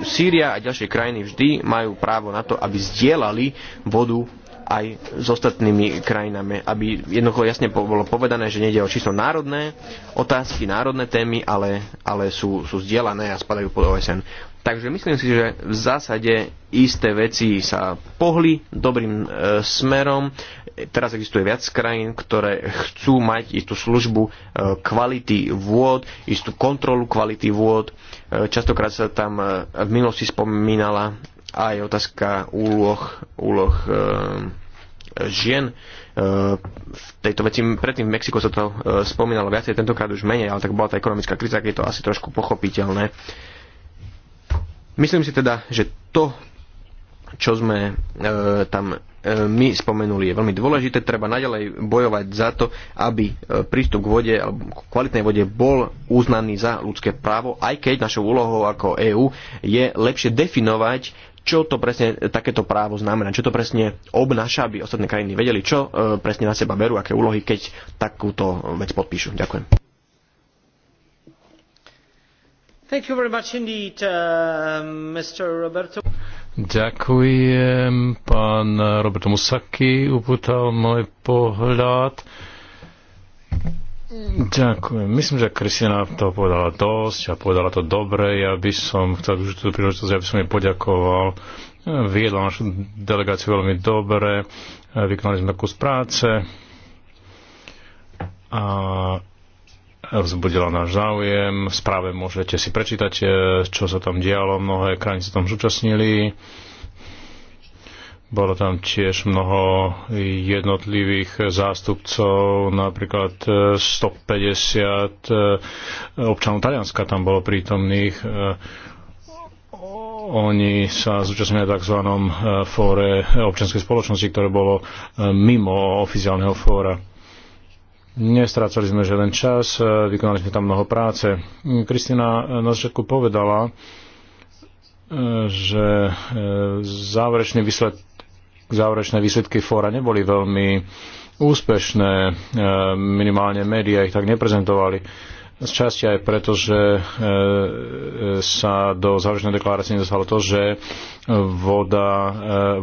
Sýria a ďalšie krajiny vždy majú právo na to, aby zdieľali vodu aj s ostatnými krajinami, aby jednoducho jasne bolo povedané, že nejde o čisto národné otázky, národné témy, ale, ale sú, sú zdieľané a spadajú pod OSN. Takže myslím si, že v zásade isté veci sa pohli dobrým e, smerom. Teraz existuje viac krajín, ktoré chcú mať istú službu e, kvality vôd, istú kontrolu kvality vôd. E, častokrát sa tam e, v minulosti spomínala aj otázka úloh, úloh e, žien. E, v tejto veci predtým v Mexiku sa to e, spomínalo viacej, tentokrát už menej, ale tak bola tá ekonomická kríza, keď je to asi trošku pochopiteľné. E, Myslím si teda, že to, čo sme e, tam e, my spomenuli, je veľmi dôležité. Treba naďalej bojovať za to, aby e, prístup k vode alebo k kvalitnej vode bol uznaný za ľudské právo, aj keď našou úlohou ako EÚ je lepšie definovať, čo to presne takéto právo znamená, čo to presne obnáša, aby ostatné krajiny vedeli, čo e, presne na seba berú, aké úlohy, keď takúto vec podpíšu. Ďakujem. Uh, Ďakujem. Pán Roberto Musaki upútal môj pohľad. Ďakujem. Myslím, že Kristina to povedala dosť a povedala to dobre. Ja by som chcel už tú príležitosť, aby ja som jej poďakoval. Viedla našu delegáciu veľmi dobre. Vykonali sme kus práce. A vzbudila náš záujem. V správe môžete si prečítať, e, čo sa tam dialo. Mnohé krajiny sa tam zúčastnili. Bolo tam tiež mnoho jednotlivých zástupcov, napríklad 150 e, e, občanov Talianska tam bolo prítomných. Oni sa zúčastnili na tzv. fóre občianskej spoločnosti, ktoré bolo mimo oficiálneho fóra Nestrácali sme žiaden čas, e, vykonali sme tam mnoho práce. Kristina na začiatku povedala, e, že e, záverečný výsled, záverečné výsledky fóra neboli veľmi úspešné, minimálne médiá ich tak neprezentovali. Z časti aj preto, že sa do záverečnej deklarácie nedostalo to, že voda,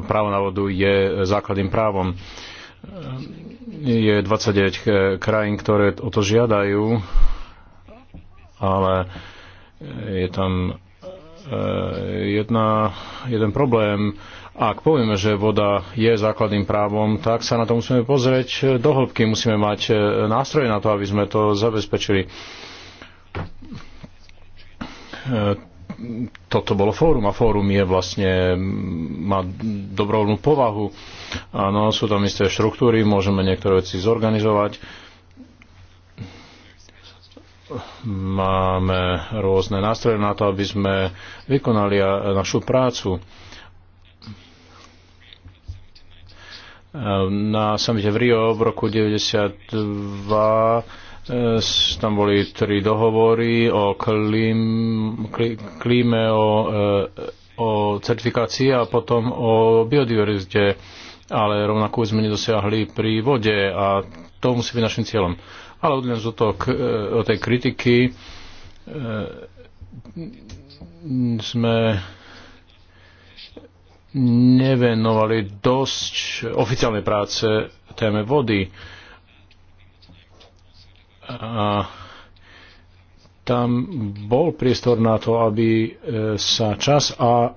právo na vodu je základným právom je 29 eh, krajín, ktoré o to žiadajú, ale eh, je tam eh, jedna, jeden problém. Ak povieme, že voda je základným právom, tak sa na to musíme pozrieť do hĺbky. Musíme mať nástroje na to, aby sme to zabezpečili toto bolo fórum a fórum je vlastne, mm, má dobrovoľnú povahu. Áno, sú tam isté štruktúry, môžeme niektoré veci zorganizovať. Máme rôzne nástroje na to, aby sme vykonali našu prácu. Na samite v Rio v roku 92 tam boli tri dohovory o klím, klíme, o, e, o certifikácii a potom o biodiverzite, ale rovnako sme nedosiahli pri vode a to musí byť našim cieľom. Ale odliem od, o tej kritiky e, sme nevenovali dosť oficiálnej práce téme vody a tam bol priestor na to, aby e, sa čas a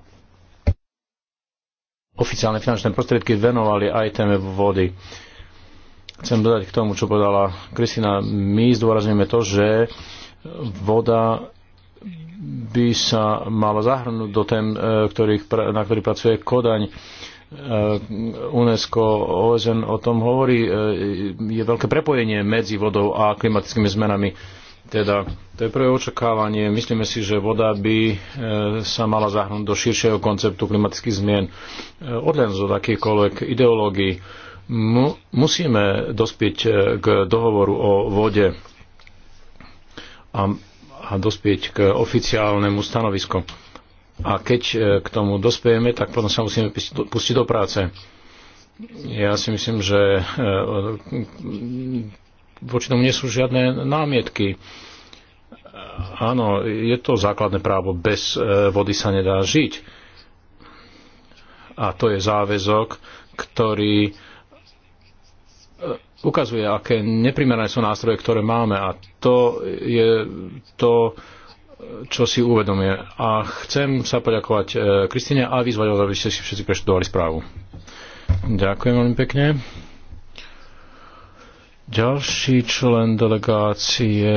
oficiálne finančné prostriedky venovali aj téme vody. Chcem dodať k tomu, čo povedala Kristina. My zdôrazňujeme to, že voda by sa mala zahrnúť do tém, e, ktorých, na ktorý pracuje Kodaň E, UNESCO, OSN o tom hovorí, e, je veľké prepojenie medzi vodou a klimatickými zmenami. Teda to je prvé očakávanie. Myslíme si, že voda by e, sa mala zahrnúť do širšieho konceptu klimatických zmien. Odlen zo takýchkoľvek, ideológií. musíme dospieť k dohovoru o vode a, a dospieť k oficiálnemu stanovisku a keď e, k tomu dospejeme, tak potom sa musíme pustiť do práce. Ja si myslím, že e, voči tomu nie sú žiadne námietky. Áno, je to základné právo. Bez e, vody sa nedá žiť. A to je záväzok, ktorý ukazuje, aké neprimerané sú nástroje, ktoré máme. A to je to, čo si uvedomuje. A chcem sa poďakovať e, Kristine a vyzvať vás, aby ste si všetci preštudovali správu. Ďakujem veľmi pekne. Ďalší člen delegácie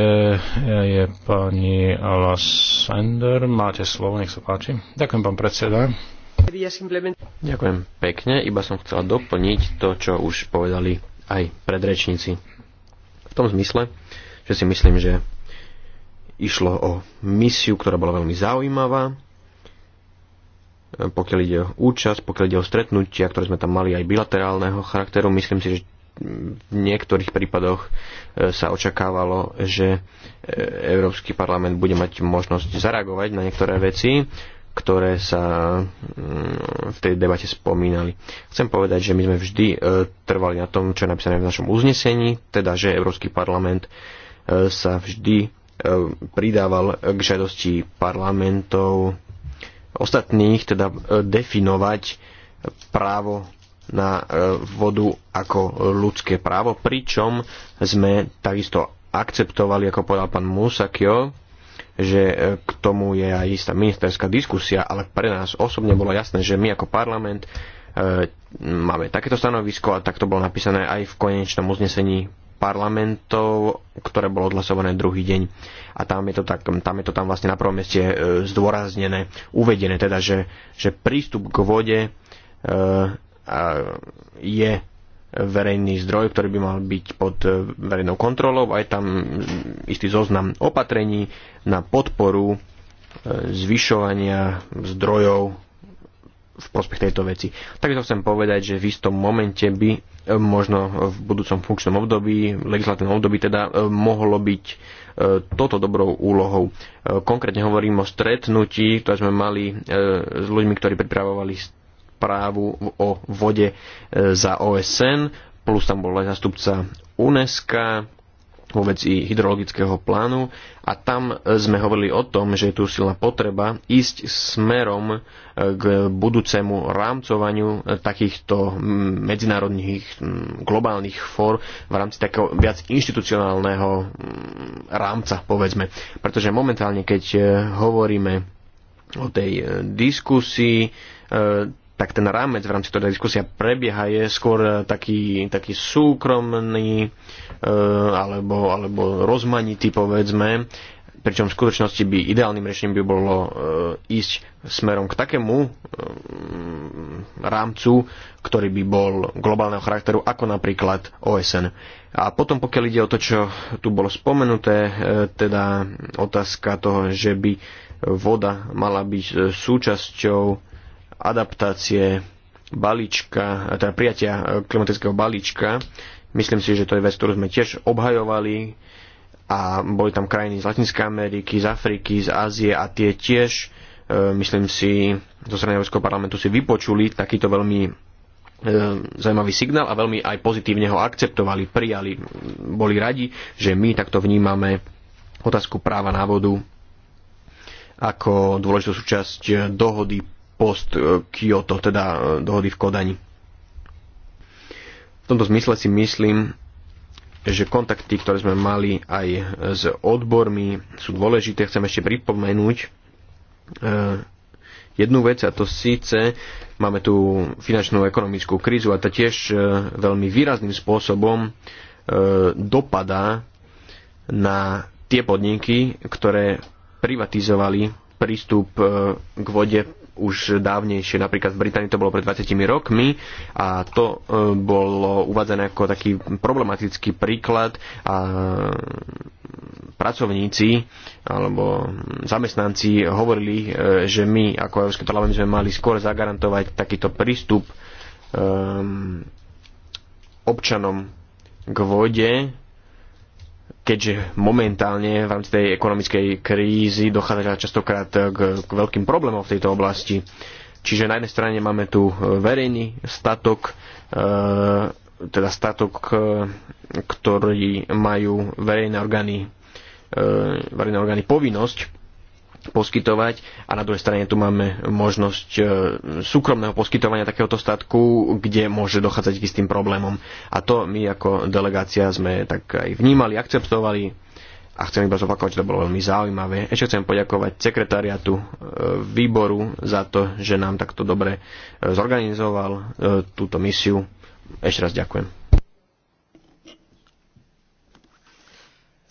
je pani Alassander. Máte slovo, nech sa páči. Ďakujem, pán predseda. Ďakujem pekne, iba som chcela doplniť to, čo už povedali aj predrečníci. V tom zmysle, že si myslím, že Išlo o misiu, ktorá bola veľmi zaujímavá, e, pokiaľ ide o účasť, pokiaľ ide o stretnutia, ktoré sme tam mali aj bilaterálneho charakteru. Myslím si, že v niektorých prípadoch e, sa očakávalo, že e, Európsky parlament bude mať možnosť zareagovať na niektoré veci, ktoré sa mm, v tej debate spomínali. Chcem povedať, že my sme vždy trvali na tom, čo je napísané v našom uznesení, teda že Európsky parlament sa vždy E, pridával k žiadosti parlamentov ostatných, teda e, definovať právo na e, vodu ako ľudské právo, pričom sme takisto akceptovali, ako povedal pán Musakio, že k tomu je aj istá ministerská diskusia, ale pre nás osobne bolo jasné, že my ako parlament e, máme takéto stanovisko a tak to bolo napísané aj v konečnom uznesení parlamentov, ktoré bolo odhlasované druhý deň. A tam je to, tak, tam, je to tam vlastne na prvom mieste e, zdôraznené, uvedené, teda, že, že prístup k vode e, a je verejný zdroj, ktorý by mal byť pod e, verejnou kontrolou. Aj tam istý zoznam opatrení na podporu e, zvyšovania zdrojov v prospech tejto veci. Takže chcem povedať, že v istom momente by e, možno v budúcom funkčnom období, legislatívnom období teda e, mohlo byť e, toto dobrou úlohou. Konkrétne hovorím o stretnutí, ktoré sme mali s ľuďmi, ktorí pripravovali správu o vode za OSN, plus tam bol aj zastupca UNESCO, vo veci hydrologického plánu a tam e, sme hovorili o tom, že je tu silná potreba ísť smerom e, k budúcemu rámcovaniu e, takýchto medzinárodných globálnych fór v rámci takého viac inštitucionálneho rámca, povedzme. Pretože momentálne, keď hovoríme o tej diskusii, tak ten rámec, v rámci ktorej diskusia prebieha, je skôr e, taký, taký súkromný e, alebo, alebo rozmanitý, povedzme, pričom v skutočnosti by ideálnym riešením by bolo e, ísť smerom k takému mm, rámcu, ktorý by bol globálneho charakteru, ako napríklad OSN. A potom, pokiaľ ide o to, čo tu bolo spomenuté, teda otázka toho, že by voda mala byť súčasťou adaptácie balíčka, eh, teda prijatia eh, klimatického balíčka. Myslím si, že to je vec, ktorú sme tiež obhajovali a boli tam krajiny z Latinskej Ameriky, z Afriky, z Ázie a tie tiež, eh, myslím si, zo strany Európskeho parlamentu si vypočuli takýto veľmi zaujímavý signál a veľmi aj pozitívne ho akceptovali, prijali, boli radi, že my takto vnímame otázku práva na vodu ako dôležitú súčasť dohody post e, Kyoto, teda e, dohody v Kodani. V tomto zmysle si myslím, že kontakty, ktoré sme mali aj s odbormi, sú dôležité. Chcem ešte pripomenúť e, jednu vec, a to síce máme tu finančnú ekonomickú krízu a tá tiež veľmi výrazným spôsobom dopadá na tie podniky, ktoré privatizovali prístup k vode už dávnejšie, napríklad v Británii to bolo pred 20 rokmi a to e, bolo uvádzané ako taký problematický príklad a e, pracovníci alebo zamestnanci hovorili, e, že my ako Európsky parlament sme mali skôr zagarantovať takýto prístup občanom k vode keďže momentálne v rámci tej ekonomickej krízy dochádza častokrát k, k veľkým problémom v tejto oblasti. Čiže na jednej strane máme tu e, verejný statok, e, teda statok, e, ktorý majú verejné orgány, e, verejné orgány povinnosť poskytovať a na druhej strane tu máme možnosť e, súkromného poskytovania takéhoto statku, kde môže dochádzať k istým problémom. A to my ako delegácia sme tak aj vnímali, akceptovali a chcem iba zopakovať, že to bolo veľmi zaujímavé. Ešte chcem poďakovať sekretariatu e, výboru za to, že nám takto dobre e, zorganizoval túto misiu. Ešte raz ďakujem.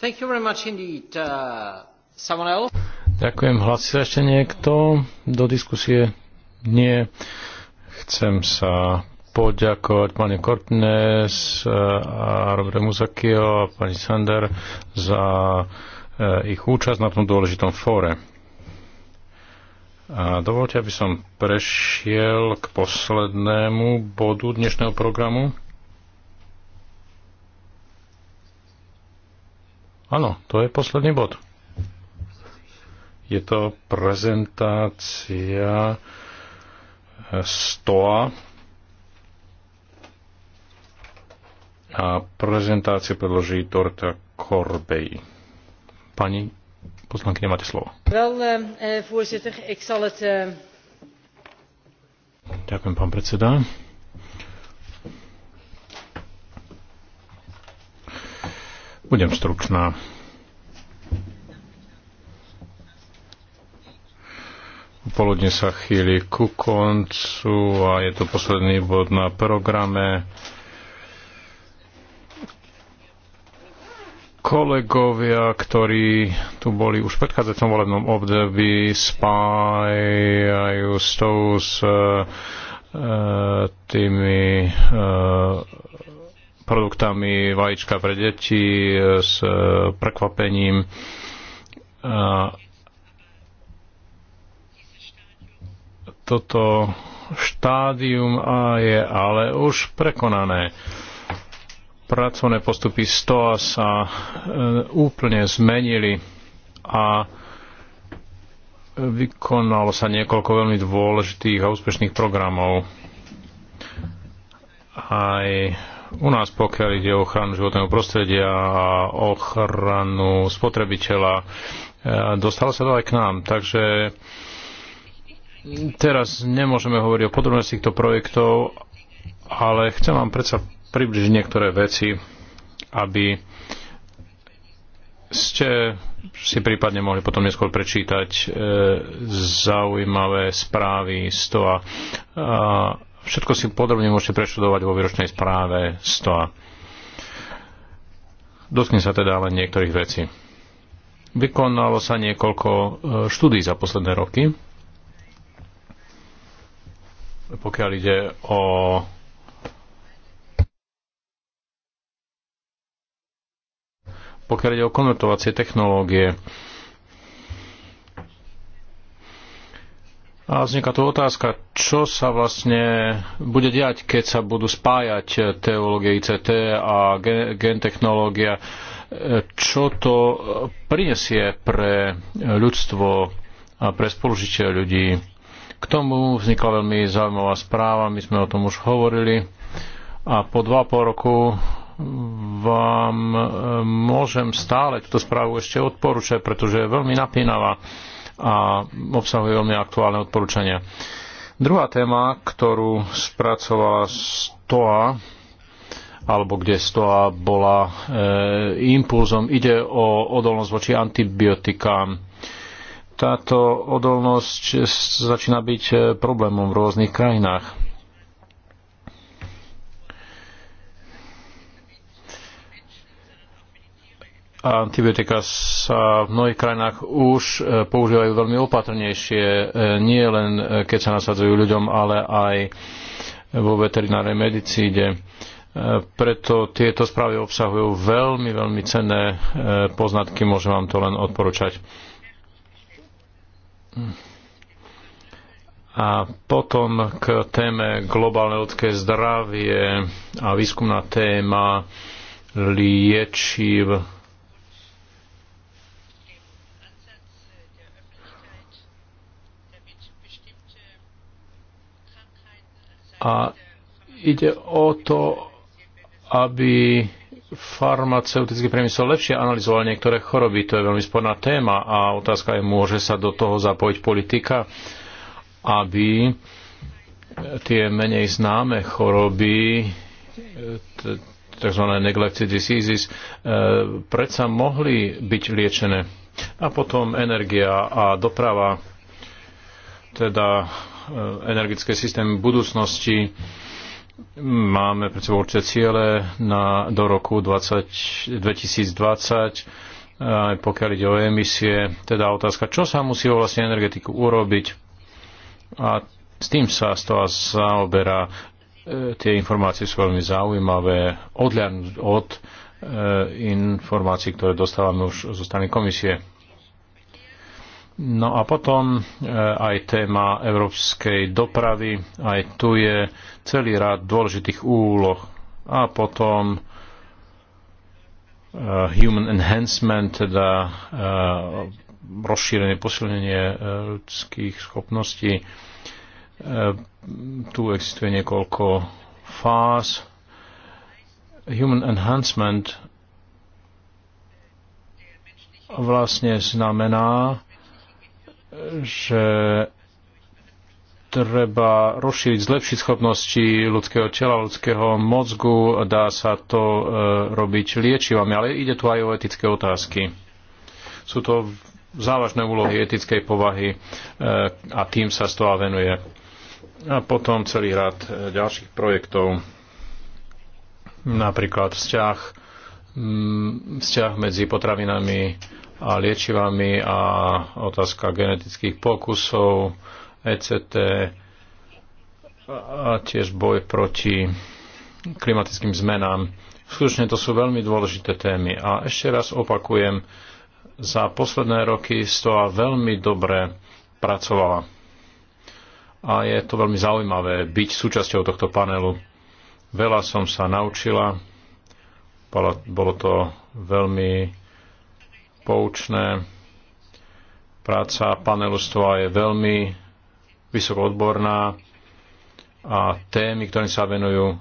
Thank you very much indeed. Uh, someone else? Ďakujem. Hlasí sa ešte niekto do diskusie? Nie. Chcem sa poďakovať pani Kortnes eh, a Robert Muzakio a pani Sander za eh, ich účasť na tom dôležitom fóre. A dovolte, aby som prešiel k poslednému bodu dnešného programu. Áno, to je posledný bod. Je to prezentácia STOA a prezentáciu predloží Dorta Korbej. Pani poslankyne, máte slovo. Wel, eh, eh ik zal het... Eh... Ďakujem, pán predseda. Budem stručná. Poludne sa chýli ku koncu a je to posledný bod na programe. Kolegovia, ktorí tu boli už v predchádzajúcom volebnom období, spájajú s tou e, s tými e, produktami vajíčka pre deti e, s uh, prekvapením. toto štádium A je ale už prekonané. Pracovné postupy STOA sa e, úplne zmenili a vykonalo sa niekoľko veľmi dôležitých a úspešných programov. Aj u nás, pokiaľ ide o ochranu životného prostredia a ochranu spotrebiteľa, e, dostalo sa to aj k nám. Takže teraz nemôžeme hovoriť o podrobnosti týchto projektov, ale chcem vám predsa približiť niektoré veci, aby ste si prípadne mohli potom neskôr prečítať e, zaujímavé správy z toho. A všetko si podrobne môžete preštudovať vo výročnej správe z toho. Dotknem sa teda len niektorých vecí. Vykonalo sa niekoľko e, štúdí za posledné roky pokiaľ ide o pokiaľ ide o konvertovacie technológie. A vzniká tu otázka, čo sa vlastne bude diať, keď sa budú spájať teológie ICT a gentechnológia. Čo to prinesie pre ľudstvo a pre spolužitie ľudí? K tomu vznikla veľmi zaujímavá správa, my sme o tom už hovorili a po dva po roku vám e, môžem stále túto správu ešte odporúčať, pretože je veľmi napínavá a obsahuje veľmi aktuálne odporúčania. Druhá téma, ktorú spracovala STOA, alebo kde STOA bola e, impulzom, ide o odolnosť voči antibiotikám táto odolnosť začína byť eh, problémom v rôznych krajinách. antibiotika sa v mnohých krajinách už eh, používajú veľmi opatrnejšie, eh, nie len keď sa nasadzujú ľuďom, ale aj vo veterinárnej medicíde. Preto tieto správy obsahujú veľmi, veľmi cenné poznatky, môžem vám to len odporúčať. A potom k téme globálne ľudské zdravie a výskumná téma liečiv. A ide o to, aby farmaceutický priemysel lepšie analyzoval niektoré choroby. To je veľmi sporná téma a otázka je, môže sa do toho zapojiť politika, aby tie menej známe choroby, tzv. neglected diseases, e, predsa mohli byť liečené. A potom energia a doprava, teda e, energické systémy budúcnosti, Máme pred sebou určite ciele na, do roku 20, 2020, aj pokiaľ ide o emisie. Teda otázka, čo sa musí o vlastne energetiku urobiť. A s tým sa z toho zaoberá. E, tie informácie sú veľmi zaujímavé, odľanúť od e, informácií, ktoré dostávame už zo strany komisie. No a potom e, aj téma európskej dopravy, aj tu je celý rád dôležitých úloh. A potom e, human enhancement, teda e, rozšírenie, posilnenie ľudských schopností. Tu existuje niekoľko fáz. Human enhancement vlastne znamená, že treba rozšíriť, zlepšiť schopnosti ľudského tela, ľudského mozgu. Dá sa to e, robiť liečivami, ale ide tu aj o etické otázky. Sú to závažné úlohy etickej povahy e, a tým sa z toho venuje. A potom celý rad e, ďalších projektov, napríklad vzťah, vzťah medzi potravinami, a liečivami a otázka genetických pokusov, ECT a tiež boj proti klimatickým zmenám. Skutočne to sú veľmi dôležité témy. A ešte raz opakujem, za posledné roky STOA veľmi dobre pracovala. A je to veľmi zaujímavé byť súčasťou tohto panelu. Veľa som sa naučila, bolo to veľmi poučné. Práca panelustva je veľmi vysokoodborná a témy, ktorým sa venujú,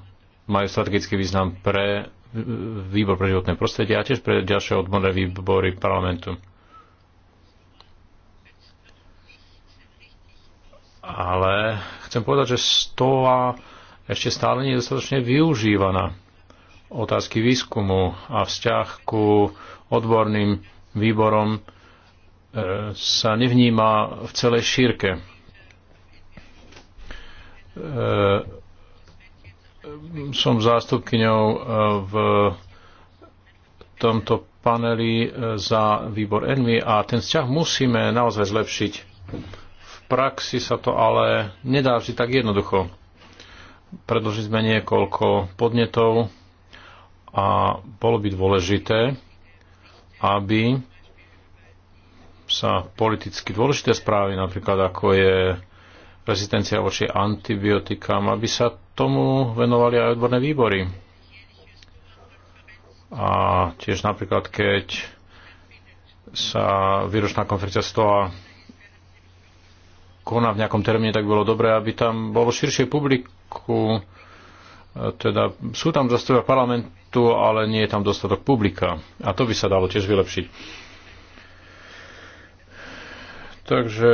majú strategický význam pre e, výbor pre životné prostredie a tiež pre ďalšie odborné výbory parlamentu. Ale chcem povedať, že stoa ešte stále nie je dostatočne využívaná. Otázky výskumu a vzťah ku odborným výborom e, sa nevníma v celej šírke. E, som zástupkyňou e, v tomto paneli za výbor Envy a ten vzťah musíme naozaj zlepšiť. V praxi sa to ale nedá vždy tak jednoducho. Predložili sme niekoľko podnetov a bolo by dôležité, aby sa politicky dôležité správy, napríklad ako je rezistencia voči antibiotikám, aby sa tomu venovali aj odborné výbory. A tiež napríklad, keď sa výročná konferencia stola koná v nejakom termíne, tak bolo dobré, aby tam bolo širšie publiku. E, teda sú tam zastupia parlament, tu ale nie je tam dostatok publika. A to by sa dalo tiež vylepšiť. Takže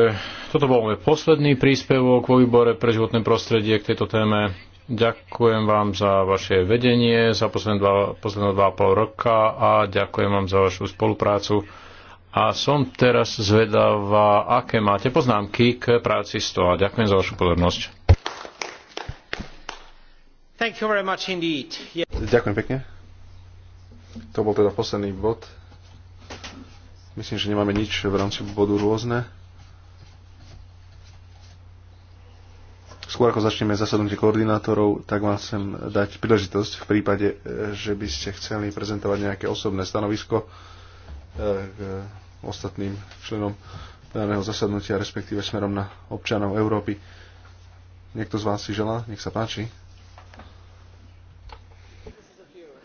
toto bol môj posledný príspevok vo výbore pre životné prostredie k tejto téme. Ďakujem vám za vaše vedenie za posledné dva, posledné dva a pol roka a ďakujem vám za vašu spoluprácu. A som teraz zvedavá, aké máte poznámky k práci toho. Ďakujem za vašu pozornosť. Ďakujem pekne. To bol teda posledný bod. Myslím, že nemáme nič v rámci bodu rôzne. Skôr ako začneme zasadnutie koordinátorov, tak vám chcem dať príležitosť v prípade, e, že by ste chceli prezentovať nejaké osobné stanovisko e, k ostatným členom daného zasadnutia, respektíve smerom na občanov Európy. Niekto z vás si želá? Nech sa páči.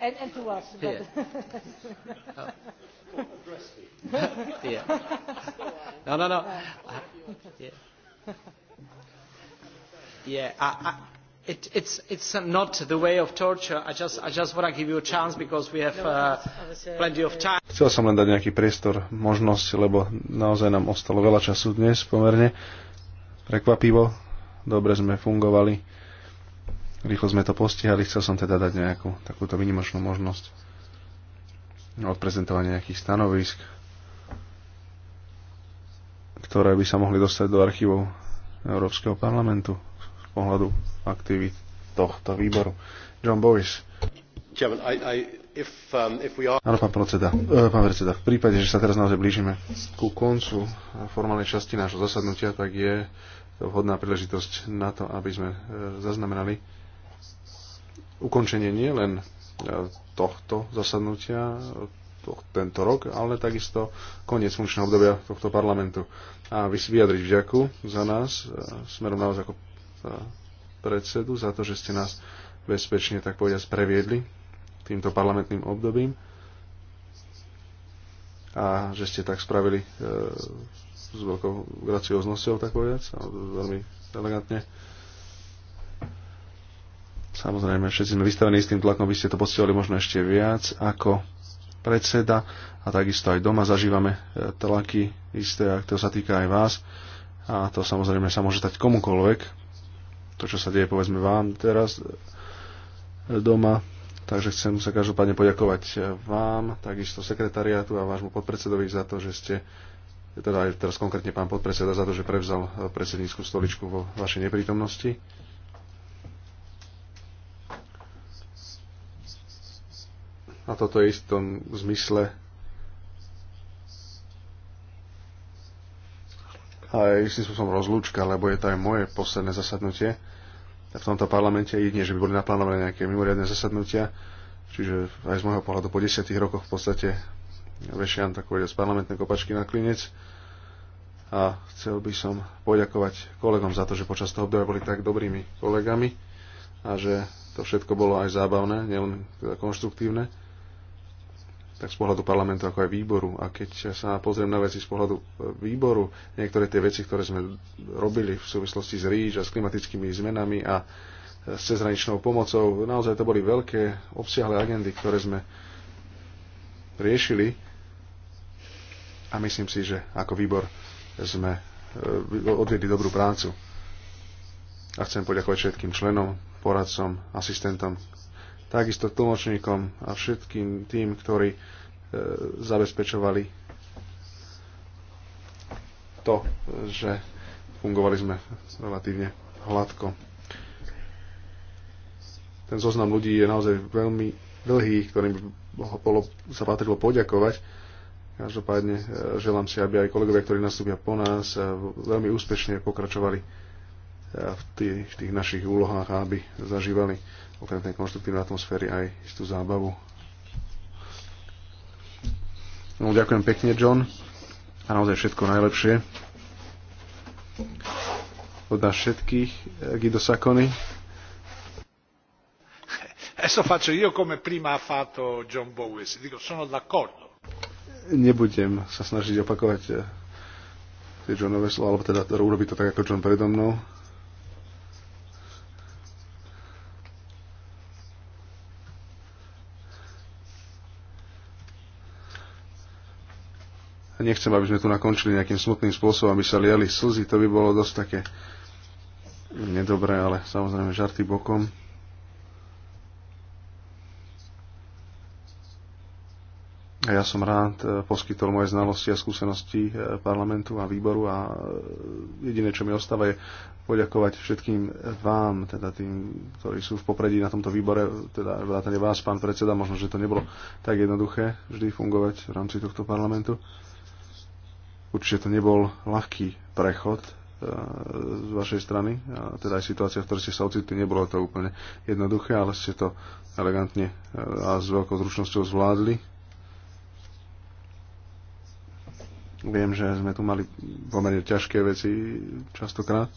and, and to us. But yeah. oh. yeah. No, no, no. Uh, yeah. Yeah. I, I, it, it's, it's not the way of torture. I just, I just want to give you a chance because we have no, uh, uh, plenty of time. Chcel som len dať nejaký priestor, možnosť, lebo naozaj nám ostalo veľa času dnes pomerne. Prekvapivo. Dobre sme fungovali Rýchlo sme to postihali, chcel som teda dať nejakú takúto vynimočnú možnosť odprezentovať nejakých stanovisk, ktoré by sa mohli dostať do archívov Európskeho parlamentu z pohľadu aktivít tohto výboru. John Boyce. Um, Áno, pán predseda, e, pán predseda, v prípade, že sa teraz naozaj blížime ku koncu formálnej časti nášho zasadnutia, tak je to vhodná príležitosť na to, aby sme e, zaznamenali ukončenie nie len e, tohto zasadnutia e, to, tento rok, ale takisto koniec funkčného obdobia tohto parlamentu. A vy si vyjadriť vďaku za nás, e, smerom na vás ako predsedu, za to, že ste nás bezpečne, tak povediať, previedli týmto parlamentným obdobím a že ste tak spravili e, s veľkou gracioznosťou, tak povedať, veľmi elegantne. Samozrejme, všetci sme vystavení s tým tlakom, by ste to pocitovali možno ešte viac ako predseda a takisto aj doma zažívame e, tlaky isté, ak to sa týka aj vás. A to samozrejme sa môže stať komukoľvek. To, čo sa deje, povedzme vám teraz e, doma. Takže chcem sa každopádne poďakovať e, vám, takisto sekretariátu a vášmu podpredsedovi za to, že ste teda aj teraz konkrétne pán podpredseda za to, že prevzal predsednícku stoličku vo vašej neprítomnosti. A toto je istom zmysle a istým spôsobom rozlúčka, lebo je to aj moje posledné zasadnutie v tomto parlamente. I nie, že by boli naplánované nejaké mimoriadne zasadnutia, čiže aj z môjho pohľadu po desiatých rokoch v podstate vešiam takové z parlamentnej kopačky na klinec. A chcel by som poďakovať kolegom za to, že počas toho obdobia boli tak dobrými kolegami a že to všetko bolo aj zábavné, nielen teda konštruktívne tak z pohľadu parlamentu, ako aj výboru. A keď sa pozriem na veci z pohľadu e, výboru, niektoré tie veci, ktoré sme robili v súvislosti s ríž a s klimatickými zmenami a s cezhraničnou pomocou, naozaj to boli veľké, obsiahle agendy, ktoré sme riešili a myslím si, že ako výbor sme e, odvedli dobrú prácu. A chcem poďakovať všetkým členom, poradcom, asistentom, takisto tlmočníkom a všetkým tým, ktorí e, zabezpečovali to, že fungovali sme relatívne hladko. Ten zoznam ľudí je naozaj veľmi dlhý, ktorým bolo, sa patrilo poďakovať. Každopádne e, želám si, aby aj kolegovia, ktorí nastúpia po nás, e, veľmi úspešne pokračovali v tých, tých našich úlohách, aby zažívali okrem tej konštruktívnej atmosféry aj istú zábavu. No, ďakujem pekne, John. A naozaj všetko najlepšie. Od nás všetkých, eh, Guido Sakony. Eso faccio io come prima ha fatto John Bowes. Dico, sono d'accordo. Nebudem sa snažiť opakovať eh, tie Johnové slova, alebo teda urobiť to tak, ako John predo mnou. nechcem, aby sme tu nakončili nejakým smutným spôsobom, aby sa liali slzy, to by bolo dosť také nedobré, ale samozrejme žarty bokom. A ja som rád e, poskytol moje znalosti a skúsenosti e, parlamentu a výboru a e, jediné, čo mi ostáva, je poďakovať všetkým vám, teda tým, ktorí sú v popredí na tomto výbore, teda vrátane vás, pán predseda, možno, že to nebolo tak jednoduché vždy fungovať v rámci tohto parlamentu. Určite to nebol ľahký prechod e, z vašej strany, teda aj situácia, v ktorej ste sa ocitli, nebolo to úplne jednoduché, ale ste to elegantne e, a s veľkou zručnosťou zvládli. Viem, že sme tu mali pomerne ťažké veci častokrát.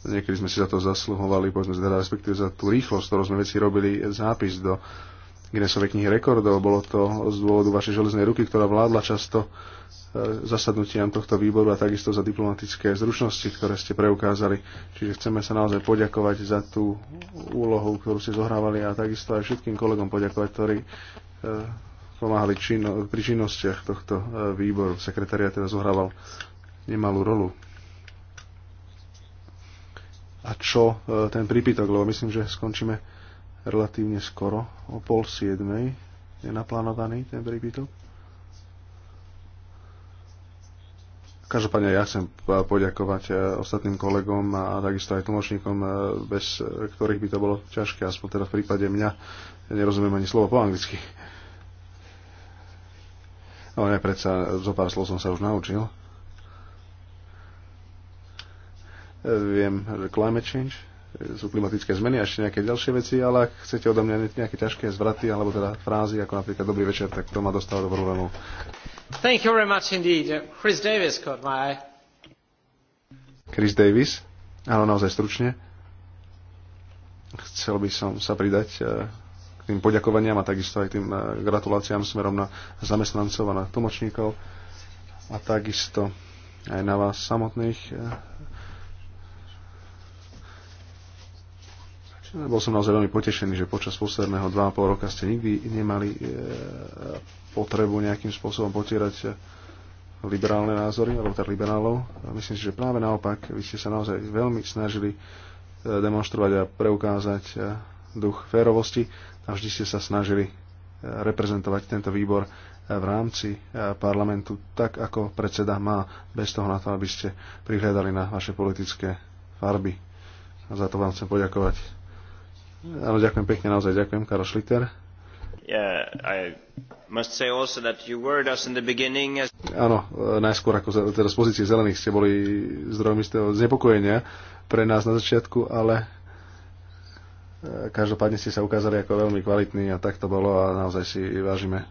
Niekedy sme si za to zasluhovali, povedzme teda respektíve za tú rýchlosť, ktorou sme veci robili zápis do Guinnessovej knihy rekordov. Bolo to z dôvodu vašej železnej ruky, ktorá vládla často uh, zasadnutiam tohto výboru a takisto za diplomatické zručnosti, ktoré ste preukázali. Čiže chceme sa naozaj poďakovať za tú úlohu, ktorú ste zohrávali a takisto aj všetkým kolegom poďakovať, ktorí e, pomáhali čino, pri činnostiach tohto e, výboru. Sekretariat teda zohrával nemalú rolu. A čo e, ten prípitok, lebo myslím, že skončíme relatívne skoro, o pol siedmej je naplánovaný ten prípitok. Každopádne ja chcem poďakovať e, ostatným kolegom a takisto aj tlmočníkom, e, bez ktorých by to bolo ťažké, aspoň teda v prípade mňa. Ja nerozumiem ani slovo po anglicky. No ne, predsa zo pár slov som sa už naučil. E, viem, že climate change sú klimatické zmeny a ešte nejaké ďalšie veci, ale ak chcete odo mňa nejaké ťažké zvraty alebo teda frázy, ako napríklad dobrý večer, tak to ma dostáva do problémov. Thank you very much indeed. Chris Davis caught my eye. Chris Davis, áno, naozaj stručne. Chcel by som sa pridať eh, k tým poďakovaniam a takisto aj tým eh, gratuláciám smerom na zamestnancov a na tlmočníkov a takisto aj na vás samotných. Eh. Bol som naozaj veľmi potešený, že počas posledného 2,5 roka ste nikdy nemali potrebu nejakým spôsobom potierať liberálne názory, alebo teda liberálov. A myslím si, že práve naopak, vy ste sa naozaj veľmi snažili e, demonstrovať a preukázať e, duch férovosti a vždy ste sa snažili e, reprezentovať tento výbor v rámci parlamentu tak, ako predseda má, bez toho na to, aby ste prihľadali na vaše politické farby. A za to vám chcem poďakovať. Áno, ďakujem pekne, naozaj ďakujem, Karol Šliter. Uh, I must say also that you were us in the beginning as... Áno, e, najskôr ako teda z pozície zelených ste boli zdrojom istého znepokojenia pre nás na začiatku, ale e, každopádne ste sa ukázali ako veľmi kvalitní a tak to bolo a naozaj si vážime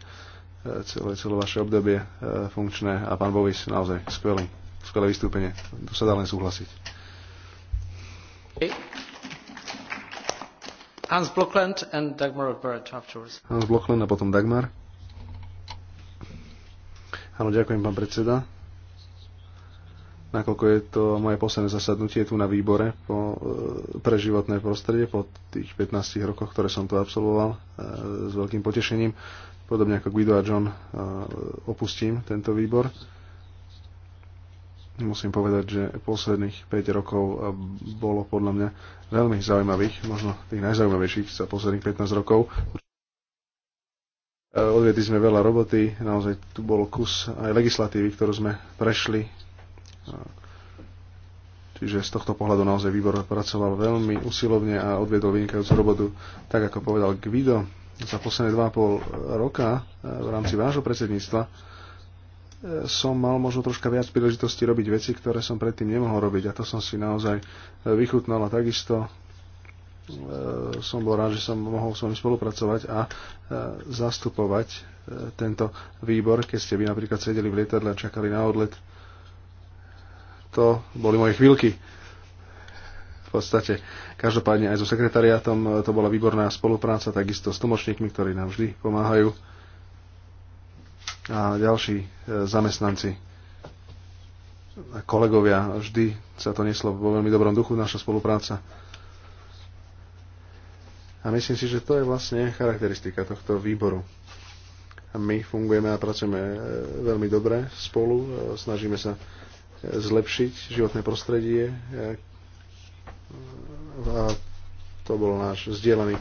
e, celé, celé vaše obdobie funkčné a pán Bovis naozaj skvelý, skvelé vystúpenie. Tu sa dá len súhlasiť. Okay. Hans Blokland and Dagmar afterwards. Hans Blokland a potom Dagmar. Áno, ďakujem, pán predseda. Nakoľko je to moje posledné zasadnutie tu na výbore po, e, pre životné prostredie po tých 15 rokoch, ktoré som tu absolvoval e, s veľkým potešením. Podobne ako Guido a John e, opustím tento výbor musím povedať, že posledných 5 rokov eh, bolo podľa mňa veľmi zaujímavých, možno tých najzaujímavejších za posledných 15 rokov. Eh, Odvedli sme veľa roboty, naozaj tu bol kus aj legislatívy, ktorú sme prešli. Eh, čiže z tohto pohľadu naozaj výbor pracoval veľmi usilovne a odviedol vynikajúcu robotu, tak ako povedal Gvido, za posledné 2,5 roka v rámci vášho predsedníctva som mal možno troška viac príležitosti robiť veci, ktoré som predtým nemohol robiť a to som si naozaj e, vychutnal a takisto e, som bol rád, že som mohol s vami spolupracovať a e, zastupovať tento výbor, keď ste vy napríklad sedeli v lietadle a čakali na odlet. To boli moje chvíľky. V podstate. Každopádne aj so sekretariátom to bola výborná spolupráca, takisto s tlmočníkmi, ktorí nám vždy pomáhajú a ďalší e, zamestnanci kolegovia. Vždy sa to neslo vo veľmi dobrom duchu, naša spolupráca. A myslím si, že to je vlastne charakteristika tohto výboru. A my fungujeme a pracujeme e, veľmi dobre spolu, e, snažíme sa zlepšiť životné prostredie. A to bol náš vzdielaný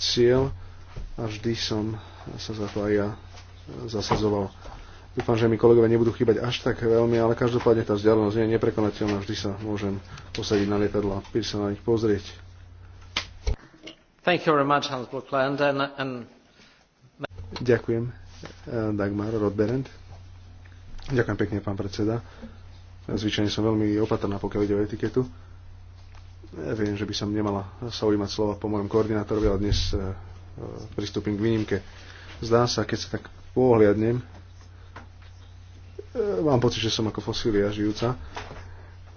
cieľ a vždy som sa za to aj ja zasadzoval. Dúfam, že mi kolegovia nebudú chýbať až tak veľmi, ale každopádne tá vzdialenosť je neprekonateľná. Vždy sa môžem posadiť na lietadla, a sa na nich pozrieť. Thank you very much, Hans And, and... Ďakujem, eh, Dagmar Rodberend. Ďakujem pekne, pán predseda. Zvyčajne som veľmi opatrná, pokiaľ ide o etiketu. Eh, viem, že by som nemala sa ujímať slova po mojom koordinátorovi, ale dnes eh, pristúpim k výnimke. Zdá sa, keď sa tak spôhliadnem. E, mám pocit, že som ako fosília žijúca.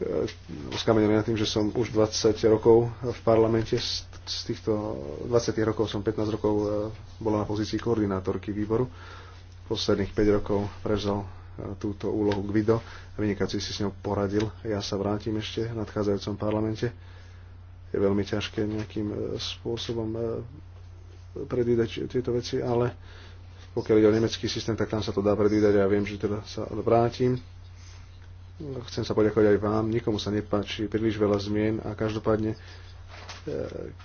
E, na tým, že som už 20 rokov v parlamente. Z týchto 20 rokov som 15 rokov e, bola na pozícii koordinátorky výboru. Posledných 5 rokov prevzal túto úlohu Gvido a vynikajúci si s ňou poradil. Ja sa vrátim ešte v nadchádzajúcom parlamente. Je veľmi ťažké nejakým spôsobom predvídať tieto veci, ale pokiaľ ide o nemecký systém, tak tam sa to dá predvídať a ja viem, že teda sa vrátim. Chcem sa poďakovať aj vám. Nikomu sa nepáči príliš veľa zmien a každopádne eh,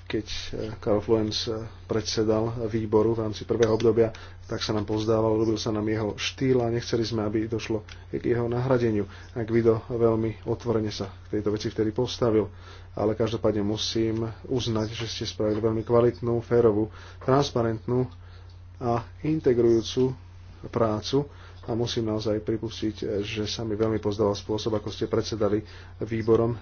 keď eh, Karl Fluens eh, predsedal výboru v rámci prvého obdobia, tak sa nám pozdával, ľúbil sa nám jeho štýl a nechceli sme, aby došlo k jeho nahradeniu. Ak Vido veľmi otvorene sa k tejto veci vtedy postavil, ale každopádne musím uznať, že ste spravili veľmi kvalitnú, férovú, transparentnú a integrujúcu prácu a musím naozaj pripustiť, že sa mi veľmi pozdala spôsob, ako ste predsedali výborom. E,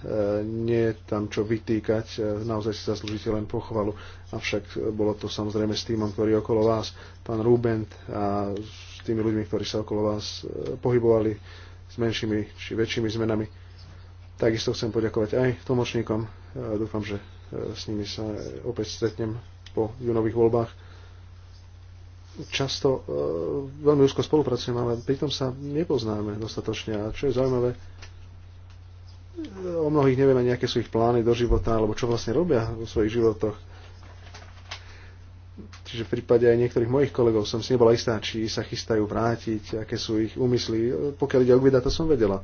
nie je tam čo vytýkať, e, naozaj si zaslúžite len pochvalu, avšak bolo to samozrejme s týmom, ktorý je okolo vás, pán Rubent a s tými ľuďmi, ktorí sa okolo vás e, pohybovali s menšími či väčšími zmenami. Takisto chcem poďakovať aj tlmočníkom. Dúfam, že s nimi sa opäť stretnem po junových voľbách často e, veľmi úzko spolupracujeme, ale pritom sa nepoznáme dostatočne. A čo je zaujímavé, e, o mnohých nevieme, nejaké sú ich plány do života, alebo čo vlastne robia vo svojich životoch. Čiže v prípade aj niektorých mojich kolegov som si nebola istá, či sa chystajú vrátiť, aké sú ich úmysly. Pokiaľ ide o Gvida, to som vedela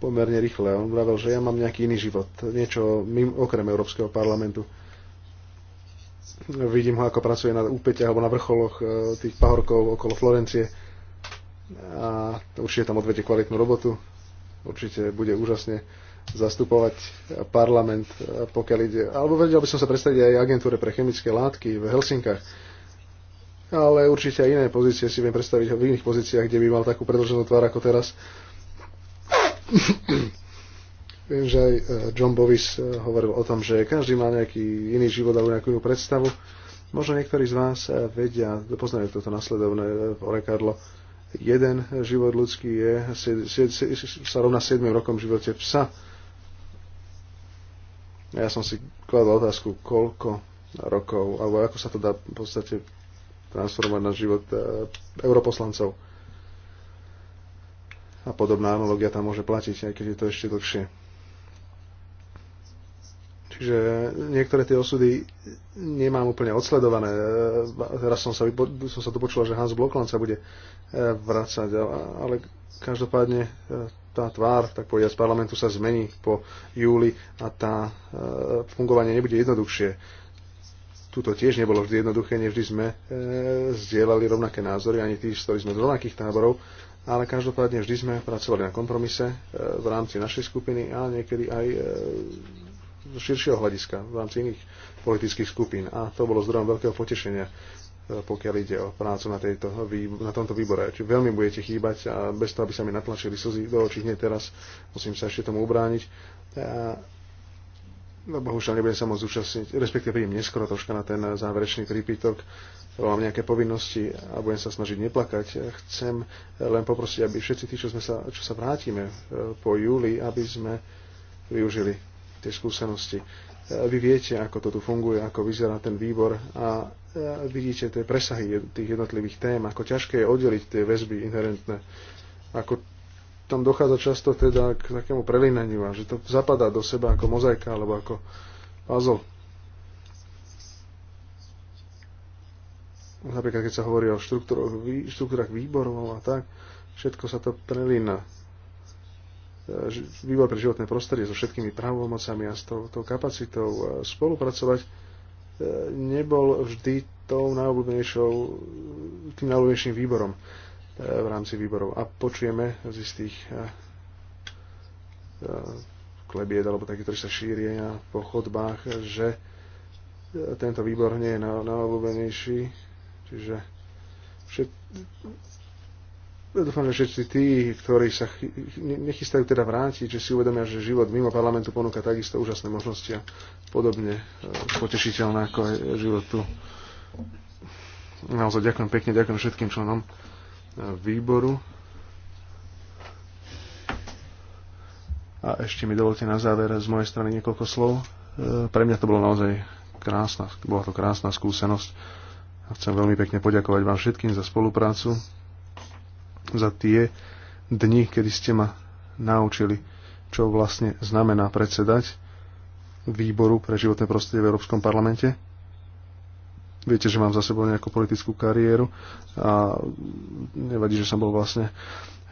pomerne rýchle. On vravel, že ja mám nejaký iný život, niečo mimo, okrem Európskeho parlamentu. Vidím ho, ako pracuje na úpete alebo na vrcholoch e, tých pahorkov okolo Florencie. A určite tam odvedie kvalitnú robotu. Určite bude úžasne zastupovať parlament, e, pokiaľ ide... Alebo vedel by som sa predstaviť aj agentúre pre chemické látky v Helsinkách. Ale určite aj iné pozície si viem predstaviť v iných pozíciách, kde by mal takú predlženú tvár ako teraz. Viem, že aj e, John Bovis e, hovoril o tom, že každý má nejaký iný život alebo nejakú inú predstavu. Možno niektorí z vás e, vedia, poznajú toto nasledovné orekadlo. Jeden život ľudský je, sa rovná 7 rokom v živote psa. Ja som si kladol otázku, koľko rokov, alebo ako sa to dá v podstate transformovať na život europoslancov. A podobná analogia tam môže platiť, aj keď je to ešte dlhšie. Čiže niektoré tie osudy nemám úplne odsledované. Teraz som sa, vypo, som sa dopočula, že Hans Blokland sa bude e, vracať, ale každopádne e, tá tvár, tak povedať, z parlamentu sa zmení po júli a tá e, fungovanie nebude jednoduchšie. Tuto tiež nebolo vždy jednoduché, nevždy sme zdieľali rovnaké názory, ani tí, ktorí sme z rovnakých táborov, ale každopádne vždy sme pracovali na kompromise v rámci našej skupiny a niekedy aj širšieho hľadiska, v rámci iných politických skupín. A to bolo zdrojom veľkého potešenia, e, pokiaľ ide o prácu na, tejto, na tomto výbore. Čiže veľmi budete chýbať a bez toho, aby sa mi natlačili slzy do očí hneď teraz, musím sa ešte tomu ubrániť. A e, no bohužiaľ nebudem sa môcť zúčastniť, respektíve prídem neskoro troška na ten záverečný prípitok, lebo mám nejaké povinnosti a budem sa snažiť neplakať. E, chcem len poprosiť, aby všetci tí, čo, sme sa, čo sa vrátime po júli, aby sme využili tie skúsenosti. E, vy viete, ako to tu funguje, ako vyzerá ten výbor a e, vidíte tie presahy tých jednotlivých tém, ako ťažké je oddeliť tie väzby inherentné, ako tam dochádza často teda k takému prelinaniu a že to zapadá do seba ako mozaika alebo ako puzzle. Napríklad keď sa hovorí o štruktúrach, výborov a tak, všetko sa to prelína. E, výbor pre životné prostredie so všetkými právomocami a s tou, tou kapacitou e, spolupracovať e, nebol vždy tou najobľúbenejšou, tým najobľúbenejším výborom v rámci výborov. A počujeme z istých klebied alebo takých, ktoré sa šíria po chodbách, že tento výbor nie je najobľúbenejší. Čiže všet, Dúfam, že všetci tí, ktorí sa nechystajú teda vrátiť, že si uvedomia, že život mimo parlamentu ponúka takisto úžasné možnosti a podobne e, potešiteľné ako aj život tu. Naozaj ďakujem pekne, ďakujem všetkým členom e, výboru. A ešte mi dovolte na záver z mojej strany niekoľko slov. E, pre mňa to bolo naozaj krásna, bola to krásna skúsenosť. A chcem veľmi pekne poďakovať vám všetkým za spoluprácu, za tie dni, kedy ste ma naučili, čo vlastne znamená predsedať výboru pre životné prostredie v Európskom parlamente. Viete, že mám za sebou nejakú politickú kariéru a nevadí, že som bol vlastne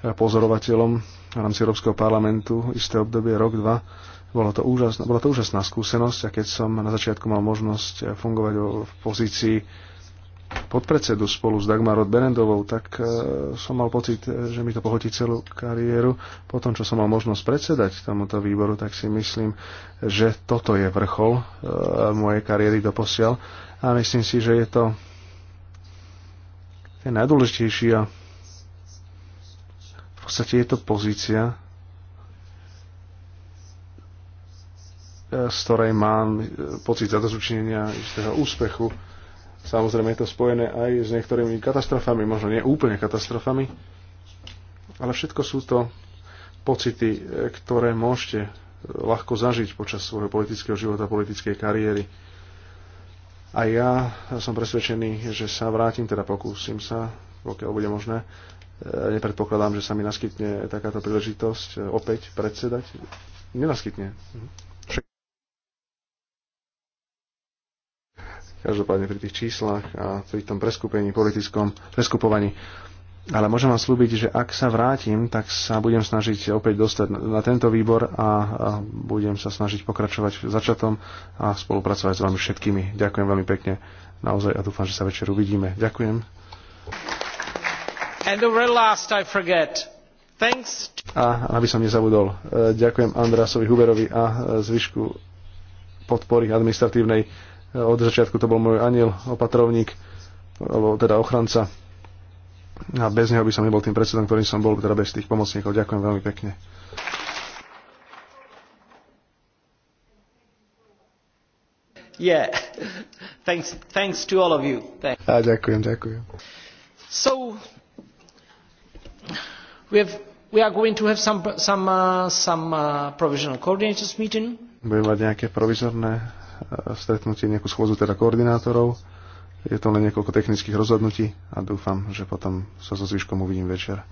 pozorovateľom v rámci Európskeho parlamentu isté obdobie, rok, dva. Bola to, úžasná, bola to úžasná skúsenosť a keď som na začiatku mal možnosť fungovať v pozícii podpredsedu spolu s Dagmarot Berendovou, tak e, som mal pocit, e, že mi to pohotí celú kariéru. Po tom, čo som mal možnosť predsedať tomuto výboru, tak si myslím, že toto je vrchol e, mojej kariéry doposiaľ a myslím si, že je to ten najdôležitejší a v podstate je to pozícia, z ktorej mám pocit zadozučenia istého úspechu Samozrejme je to spojené aj s niektorými katastrofami, možno nie úplne katastrofami, ale všetko sú to pocity, e, ktoré môžete e, ľahko zažiť počas svojho politického života, politickej kariéry. A ja som presvedčený, že sa vrátim, teda pokúsim sa, pokiaľ bude možné. E, nepredpokladám, že sa mi naskytne takáto príležitosť opäť predsedať. Nenaskytne. Mhm. každopádne pri tých číslach a pri tom preskupení politickom, preskupovaní. Ale môžem vám slúbiť, že ak sa vrátim, tak sa budem snažiť opäť dostať na tento výbor a, budem sa snažiť pokračovať začatom a spolupracovať s vami všetkými. Ďakujem veľmi pekne naozaj a dúfam, že sa večer uvidíme. Ďakujem. And the last I forget. Thanks. A aby som nezabudol, e, ďakujem Andrasovi Huberovi a e, zvyšku podpory administratívnej od začiatku to bol môj aniel, opatrovník, alebo teda ochranca. A bez neho by som nebol tým predsedom, ktorým som bol, teda bez tých pomocníkov. Ďakujem veľmi pekne. Yeah. Thanks, thanks to all of you. Thanks. A ďakujem, ďakujem. So, we, have, we are going to have some, some, uh, some uh, provisional coordinators meeting. Budeme mať nejaké provizorné stretnutie, nejakú schôdzu teda koordinátorov. Je to len niekoľko technických rozhodnutí a dúfam, že potom sa so zvyškom uvidím večer.